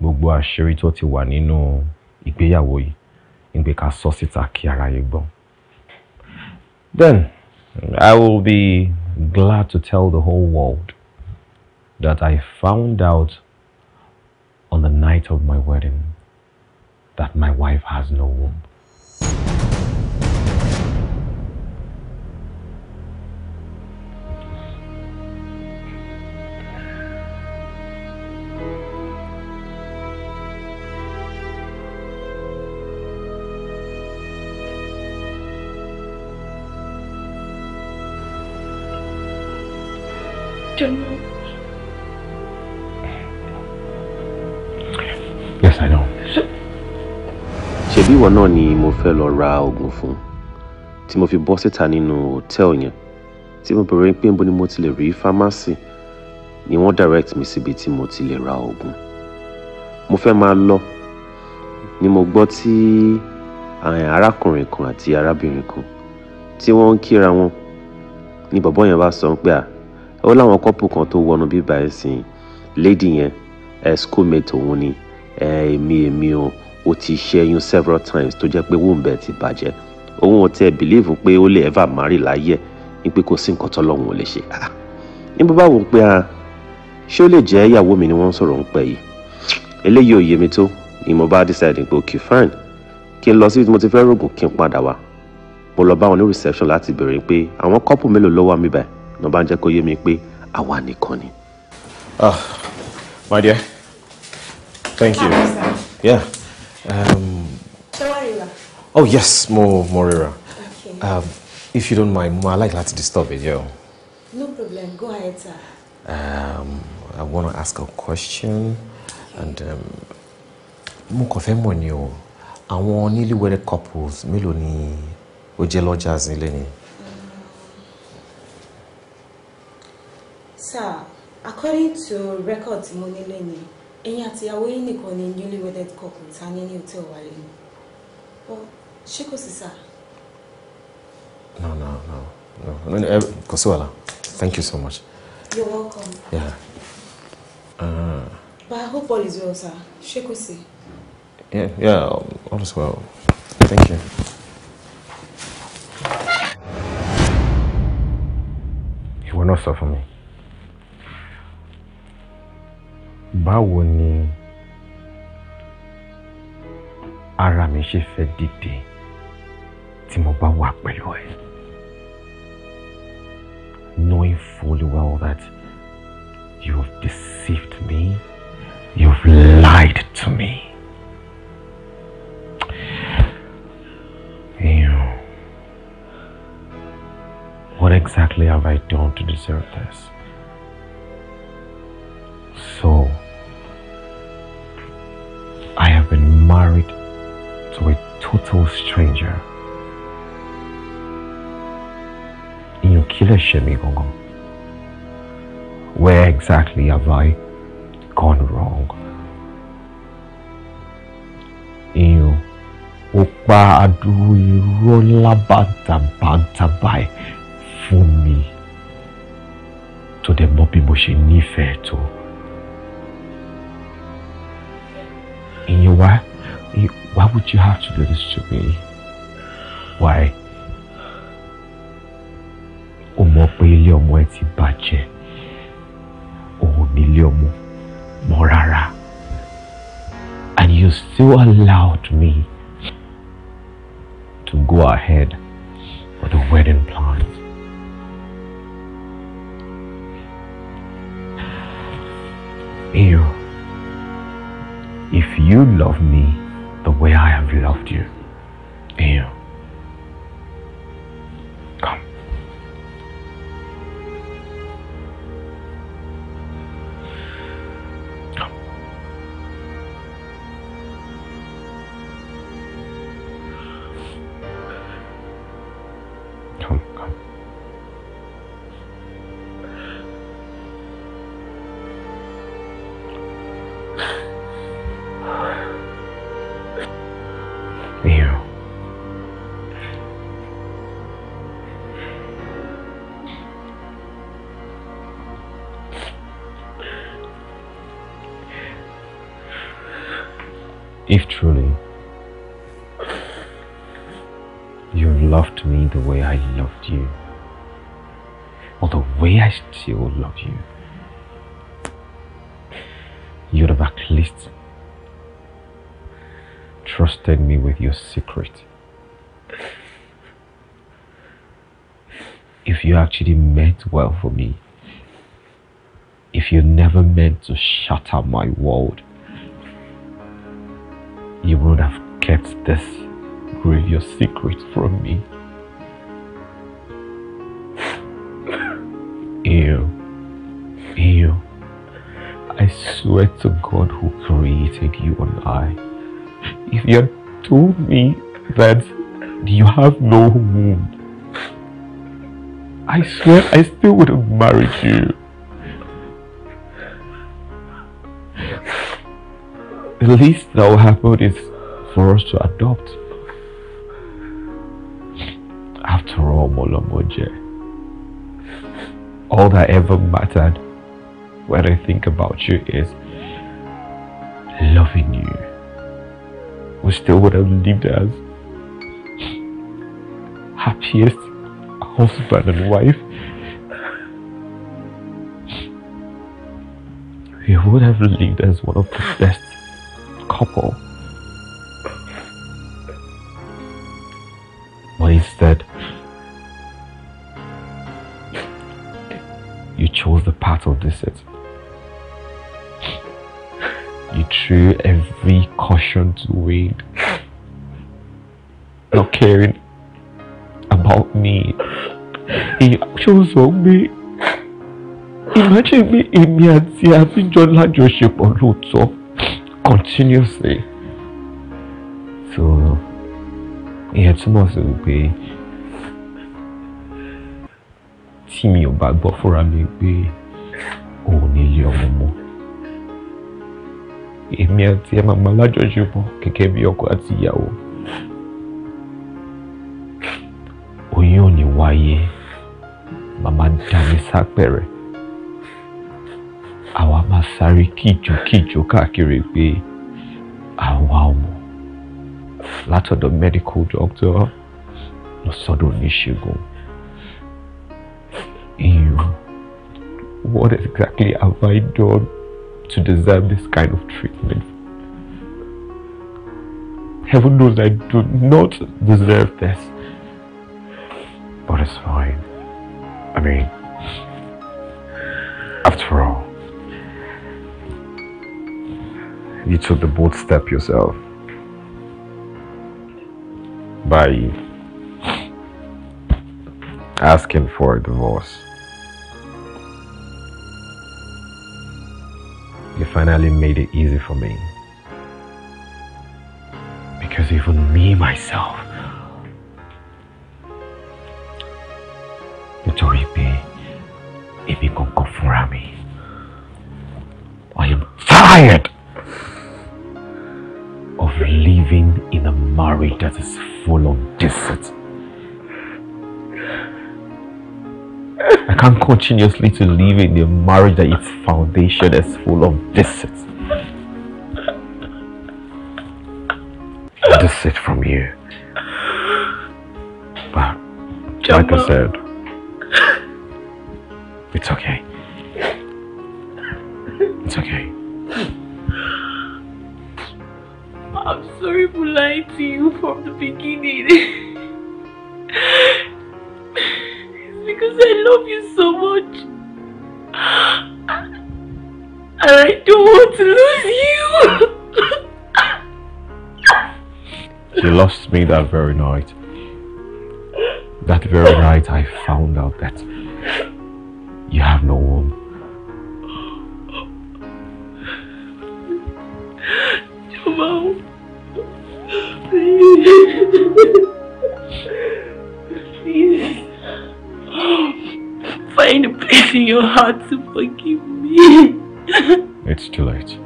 gbogbo àṣírí tó ti wà nínú. No ìgbéyàwó yìí sọ síta kí ara yìí Then I will be glad to tell the whole world that I found out on the night of my wedding that my wife has no womb. ìwọ náà ni mo fẹ́ lọ ra oògùn fún tí mo fi bọ́ síta nínú hòtẹ́ẹ̀lì yẹn tí mo bẹ̀rẹ̀ pé níbo ni mo ti lè rí fámásì ni wọ́n direct mi síbi tí mo ti lè ra oògùn mo fẹ́ máa lọ ni mo gbọ́ tí arákùnrin kan àti arábìnrin kan tí wọ́n ń kíra wọn ni bọ̀bọ́ yẹn bá sọ pé à ó láwọn kọ́pù kan tó wọnú bíbá ẹ̀ lady yẹn ẹ̀ schoolmate òun ni ẹ̀ èmi èmi o ó ti ṣẹ́yún several times tó jẹ́ pé wombe ti bàjẹ́ òun ò tẹ́ bìlíìfù pé ó lè ever marry láyé ní pé kò sí nǹkan tọ́lọ́run ò lè ṣe ah, ní bó bá wò ó pé ah, ṣé ó lè jẹ́ ìyàwó mi ni wọ́n ń sọ̀rọ̀ ń pẹ́ yìí eléyìí ò yé mi tó ni mo bá decide pé okay fine kí n lọ síbi tí mo ti fẹ́ rògùn kí n padà wá mo lọ bá wọn ní reception láti béèrè pé àwọn kọ́pù mélòó ló wà mí báyìí ní wọ́n bá ń jẹ́ kó yé mi pé àwa nìkan ni. ah my dear thank you yeah ṣé um, oh yes more mo rira. okay. Um, if you don't mind mo i like to disturb it, yo. no problem go ahead sir. Um, I want to ask a question and um, mo kàn fẹ́ ni o àwọn newly wedded couples mélòó ni ó jẹ́ lọ́jàs nílé ni. sir according to records mo nílé ni ẹ̀yin àtìyàwó yín nìkan ni newly wedded couple ta ní ní hòtẹ́ẹ̀lì wa lẹ́nu ọ ṣé kò sí sá. no no no no eh, kò sí wàhálà thank you so much. you're welcome. Yeah. Uh, but I hope all is well sir ṣé kò sí. yeah yeah all is well thank you. You will not suffer me. báwo ni ara mi ṣe fẹ́ dìde tí mo bá wà pẹ̀lú ẹ knowing fully well that you have deceived me you have lied to me. Ew. What exactly have I done to deserve this? So. married to a total stranger. In your killer ṣe Where exactly have I gone wrong? In you, pa àdúró irọ́ ńlá bàǹtàbàǹtà báyìí fún mi tó dẹ̀ mọ̀ bí mo ṣe nífẹ̀ẹ́ tó. Ìyẹn wá. You, why would you have to do this to me? Why? O mọ̀ pé ilé ọmọ ẹ ti bàjẹ́. ní ilé ọmọ mọ́ rárá. And you still allowed me to go ahead with the wedding plans. Ew. If you love me, the way I have loved you. Ew. best she will love you. You'd have at least trusted me with your secret. If you actually meant well for me, if you never meant to shatter my world, you would have kept this grievous secret from me. feel, feel. I swear to God who created you and I. If you had told me that you have no womb, I swear I still would have married you. The least that will happen is for us to adopt. After all, Molomoje all that ever mattered when I think about you is loving you. We still would have lived as happiest husband and wife. We would have lived as one of the best couple. But instead, chose the path of it. You threw every caution to wind, not caring about me. He chose on me. Imagine me, èmi àti ship on luto, continuously. So, ìyẹn túmọ̀ to be. tí mi ò bá gbọ́ fúnra mi pé òun nílé ọmọ mọ́ èmi àti ẹ máa máa lájọṣepọ̀ gẹ́gẹ́ bí ọkọ àti ìyàwó oyún ò ní wáyé màmá dá mi sápẹ̀rẹ̀ àwa máa sáré kíjokíjo káàkiri pé àwa ọmọ látọ̀dọ̀ medical doctor lọ sọ́dọ̀ oníṣègùn. you? What exactly have I done to deserve this kind of treatment? Heaven knows I do not deserve this. But it's fine. I mean, after all, you took the bold step yourself by asking for a divorce. He finally made it easy for me. Because even me, myself, I am tired of living in a marriage that is full of deceit. can't continuously to live in a marriage that its foundation is full of deceit. deceit from you. But like I said, it's okay. It's okay. I'm sorry for lying to you from the beginning. don't want to lose you. She lost me that very night. That very night I found out that you have no home. Jamal, please, please, find a place in your heart to forgive me it's too late.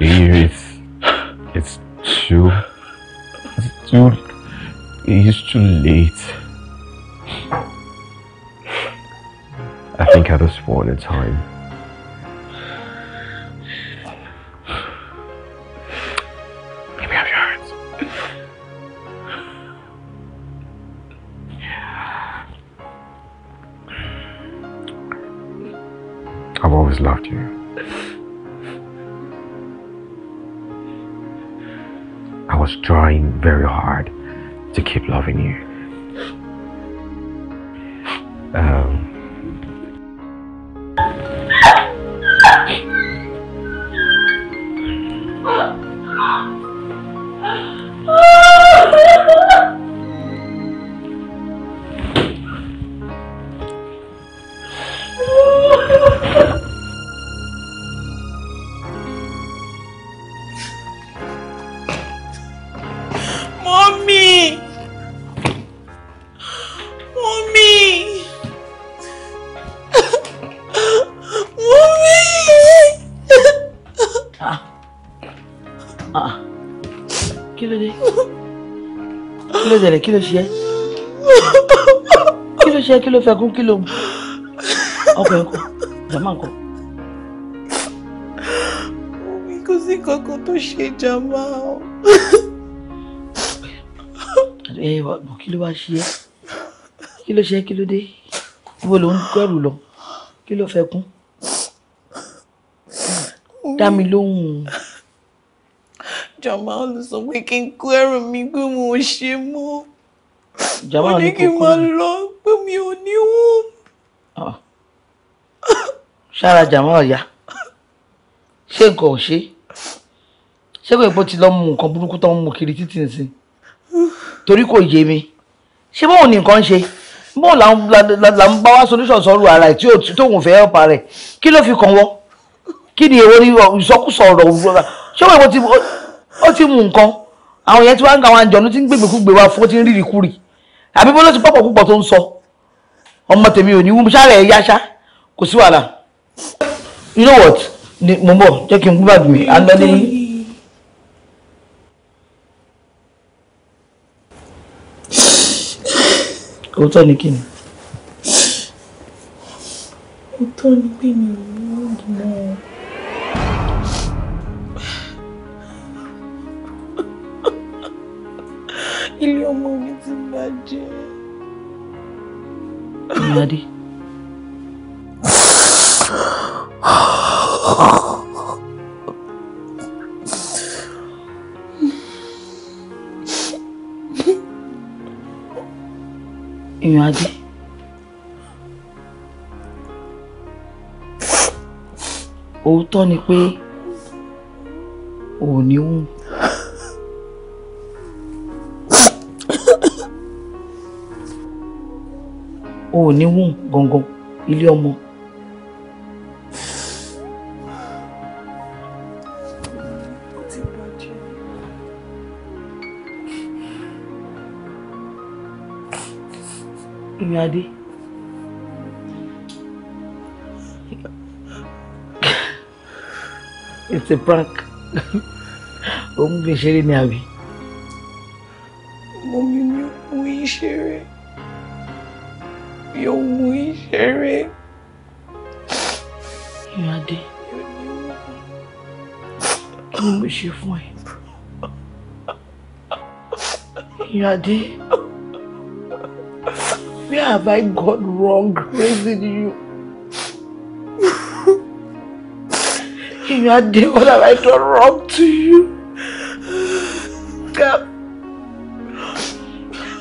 It's it's too it's too it's too late. I think at this point in time. kí ló ṣe kí ló ṣe kí ló fẹkún kí ló mu ọkọ ẹ kọ jàmá nǹkan. omi kò sí kankan tó ṣe jàmá o. ẹ ẹ kí ló wá ṣe ẹ kí ló ṣe kí ló dé ibo ló ń kẹrù lọ kí ló fẹkún dá mi lóhùn jọ̀mọ́ ló sọ pé jama ní kí n máa lọ pé mi ò ní wọ́n. sára ah. jama ọ̀yá ṣé nǹkan ò ṣe ṣé kò yẹ kó ti lọ mú nǹkan burúkú tó ń mú kiri títì nsìn torí kò yé mi ṣé bóun ni nǹkan ń ṣe bóun là ń bá wá solution sọ̀rọ̀ ara ẹ̀ tí tóun fẹ́ ọ̀pá rẹ̀ kí ló fi kàn wọ́ kí ni èwo ni ìsọkúsọ ọ̀rọ̀ òwúrọ̀ ṣé wọ́n ti ti mú nǹkan àwọn yẹn ti wá ń ga wọn àjọ̀nú tí ń gbègbèkúgbè wá fún ó ti ń rírì kúrì àbí bó ti pọ̀pọ̀ púpọ̀ tó ń sọ ọmọ tèmi ò ní wú sálẹ̀ ẹ̀yá ṣá kò sí wàhálà you know what ni mo bọ̀ jẹ́ kí n gbúgbà dùn mí à ń lọ ní. òótọ́ ni kí ni. òótọ́ ni pé mi ò ní wọ́ọ̀dù náà. ilé ọmọ mi bàjẹ́. Ìyáde. Ìyáde. Òótọ́ ni pé òní ń. o ò ní wùn gangan ilé ọmọ. ìrìn adé. it's a prank. òun gbèsè ní àbí. mo mímú òun ìṣeré. You're mú ìṣeré. ìyáde mo lè ṣe fún ẹ. ìyáde where have I gone wrong raising you? ìyáde what have I done wrong to you? God.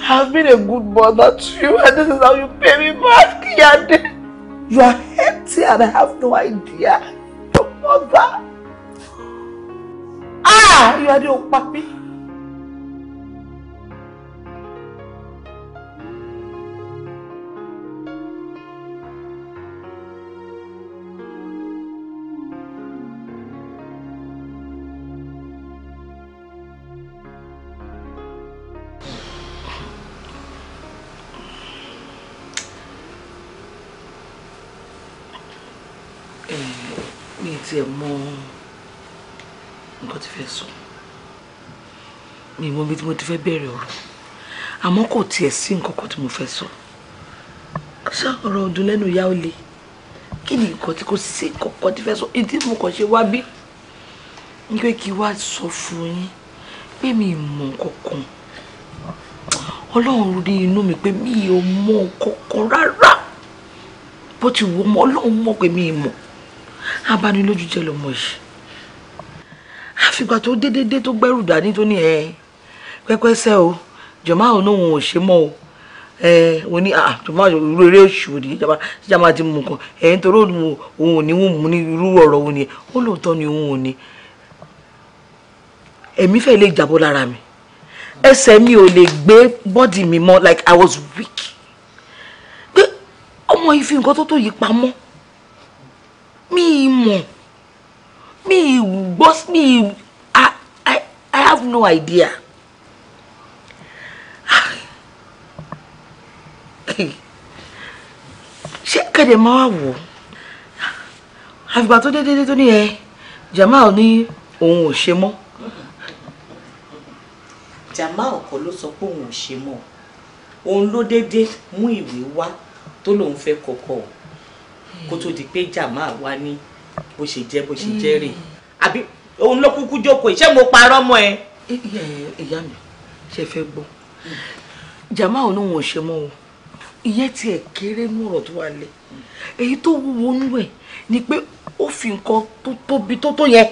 I've been a good mother to you, and this is how you pay me back, Yade. You are empty, and I have no idea. Your mother. Ah, Yade, oh, puppy. tiẹ̀ mọ nǹkan tí fẹ́ sọ mi mọ ibi tí mo ti fẹ́ bẹ̀rẹ̀ ọ̀rọ̀ àmọ́ kò tiẹ̀ sí nǹkan kan tí mo fẹ́ sọ ṣá ọ̀rọ̀ ọdún lẹ́nu ìyá ó le kí ni nǹkan tí kò sí nǹkan kan tí fẹ́ sọ ìdí mo kàn ṣe wá bí n pé kí wá sọ fún yín pé mi mọ̀ kankan ọlọ́run rí inú mi pé mi ò mọ̀ kankan rárá bó ti wù ọmọ ọlọ́run mọ̀ pé mi mọ̀ abánilójú jẹ́ lọ́mọ yìí àfìgbà tó dédédé tó gbẹ́rù dání tó ní ẹ pẹ́pẹ́sẹ́ o jọ̀mọ́ àwọn òun ò ṣe mọ́ o ẹ wọn ní jọ̀mọ́ irú eré òṣù ní ìjàmbá ti mú nǹkan ẹ̀ ń torí òun ò ní wọ́n mú ní irú ọ̀rọ̀ òun ni ó lóòótọ́ ni òun ò ní ẹ̀mí lè jábọ́ lára mi ẹsẹ̀ mi ò lè gbé bọ́dì mi mọ́ like I was weak pé ọmọ yìí fi nǹkan tó tó yìí pamọ́. Me, mọ̀ mi gbọ́ mi i i i have no idea. ṣé kẹ̀dẹ̀ máa wà wò àfìgbà tó dédé tó ní ẹ Jamal ní òun ò ṣe mọ́. Jamal kọ́ ló sọ pé òun ò ṣe mọ́ òun ló dédé mú ìwé wá tó lòun fẹ́ kọ́kọ́ kó tó di pé jàmá wa ní bó ṣe jẹ́ bó ṣe jẹ́ rè mm. àbí òun ló kúkú jókòó ṣé mo parọ́ mọ́ ẹ. ìyá mi ṣe fẹ́ gbọ́ mm. jàmá òun òun ò ṣe mọ́ o ìyẹn tiẹ̀ kéré nú ọ̀rọ̀ tó wà lẹ̀ èyí tó wúwo nú ẹ̀ ni pé ó fi nǹkan tó tóbi tó tó yẹn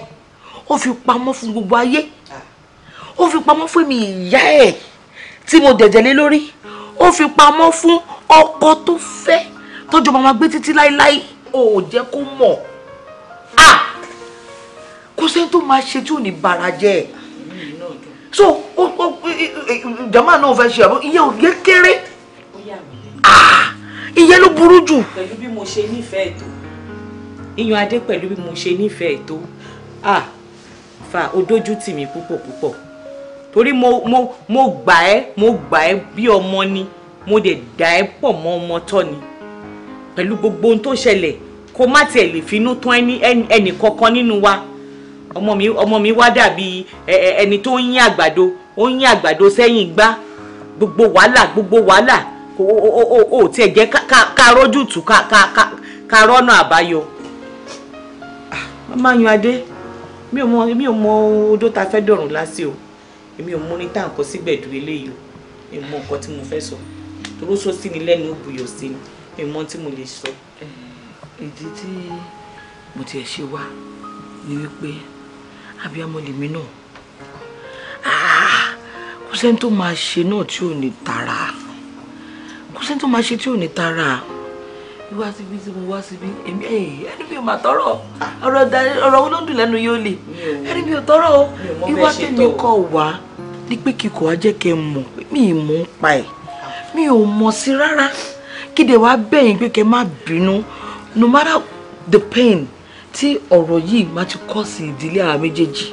ó fi pamọ́ fún gbogbo ayé ah. ó fi pamọ́ fún mi ìyá ẹ̀ tí mo dẹ̀dẹ̀ lé lórí ó fi pamọ́ fún ọkọ tó fẹ́ tọ́jọ́ máa gbé títí láéláé ò jẹ́ kó mọ̀ à kó sẹ́ni tó máa ṣe tí ò ní bara jẹ́ ẹ̀ so jama náà fẹ́ ṣe àbọ̀ iye òye kéré iye ló burú jù. pẹ̀lú bí mo ṣe nífẹ̀ẹ́ tó iyan adé pẹ̀lú bí mo ṣe nífẹ̀ẹ́ tó fa ó dójú tì mí púpọ̀ púpọ̀ torí mo mo mo gbà ẹ́ mo gbà ẹ́ bí ọmọ ni mo dẹ̀ dà ẹ́ pọ̀ mọ́ ọmọ tọ́ ni pẹ̀lú gbogbo ohun tó ṣẹlẹ̀ kó má tiẹ̀ lè finú tán ẹnì kankan nínú wa ọmọ mi ọmọ mi wá dàbí ẹni tó ń yín àgbàdo ó ń yín àgbàdo sẹ́yìn gbá gbogbo wàhálà gbogbo wàhálà ó tiẹ̀ jẹ́ ká rójú tù ká rọ́nà àbáyọ. mama yan adé mi ò mọ mi ò mọ odó ta fẹ́ dọ̀rùn lásì o èmi ò mú ní tàǹkọ́ sígbẹ̀dù eléyìí o èmi mọ nǹkan tí mo fẹ́ sọ torí ó sọ sí ni lẹ́nu ó sí ni ìmọ̀ tí mo lè sọ. ìdí tí mo tiẹ̀ ṣe wá ni wípé abiyamọ lèmi náà ah, kò sẹ́ni tó máa ṣe náà tí ò ní tara kò sẹ́ni tó máa ṣe tí ò ní tara wíwá síbí tí mo wá síbí èmi ẹni mi ò máa tọrọ ọ̀rọ̀ ọ̀rọ̀ wo ló ń dùn lẹ́nu yóò lè ẹni mi ò tọrọ wíwá tèmi kọ wá ní pé kíkọ á jẹ́ mi ì mọ̀ pa ẹ̀ mi ò mọ̀ sí rárá kéde wá bẹ̀yìn pé kẹ́ má bínú no matter the pain tí ọ̀rọ̀ yìí má ti kọ́ sí ìdílé àwa méjèèjì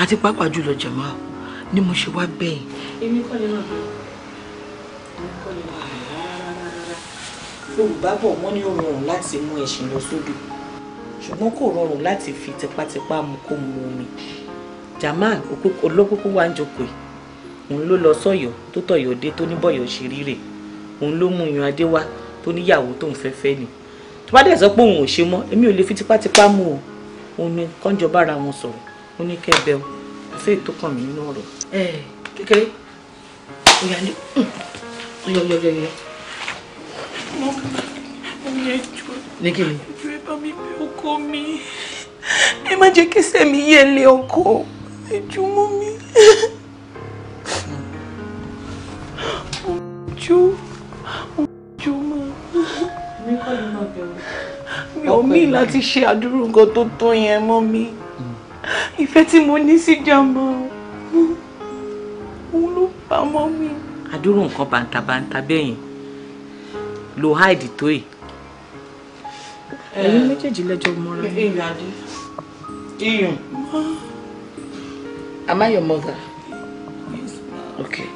àti pàápàá jùlọ jẹ̀mọ́ ni mo ṣe wá bẹ̀yìn. èmi kọ́ lè má bẹ̀rẹ̀ èmi kọ́ lè má bẹ̀rẹ̀ rárá rárá Yorùbá bọ̀ wọ́n ní ó rọrùn láti mú ẹṣin lọ sódò ṣùgbọ́n kò rọrùn láti fi tipátipá mu kó mu omi Jamal olókùnkùn wa ń jókòó òun ló lọ sọ́yọ́ tó tọ̀yọ́ dé tó ní bọ̀yọ́ ṣe rí rèé òun ló mú yan adé wá tó níyàwó tóun fẹ́ fẹ́ ni tó bá dẹ̀ sọ pé òun ò ṣe mọ́ èmi ò lè fi tipátipá mú o òun ni kọ́njọ bára wọn sọ̀rọ̀ ó ní kẹ́bẹ́ o àfẹ́ ètò kàn mí nínú ọ̀rọ̀ ẹ̀ kékeré òyà ni yọyọyọyọ. ní kí ni. ìjọ ẹ bá mi bẹ̀ ọkọ mi ẹ má jẹ́ kẹsẹ̀ mi yẹ̀ lé ọkọ ẹ jù mi. Hmm. Jù mi ò mí láti ṣe àdúrú nǹkan tó tó yẹn mọ́ mi ìfẹ́ tí mo ní sí jàmbá òun ló bá mọ́ mi. àdúrú nǹkan bàǹtàbàǹtà bẹ́yìn lo háìdì tó yìí. ẹ̀yin méjèèjì lẹ́jọ́ mọ́ra. iyùn. Am I your mother? Yes. Okay.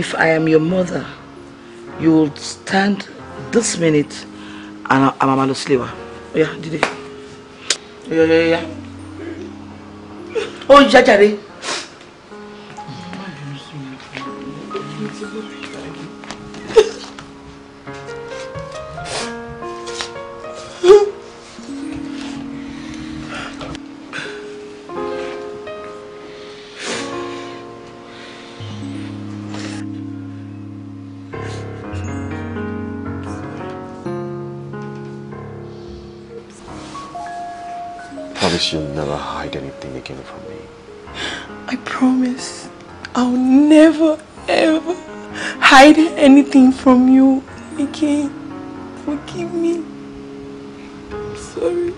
If I am your mother, you will stand this minute and a máa lọ sílé yeah, did it? Yeah, yeah, yeah. Oh, yá ó yá hide anything again from me. I promise I'll never ever hide anything from you again. Forgive me. I'm sorry.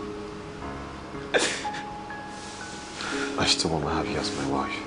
I still want to have you as my wife.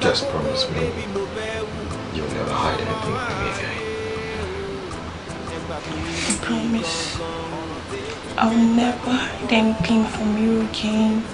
Just promise me you'll never hide anything from me again. I promise I will never hide anything from you again.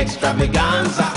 extravaganza.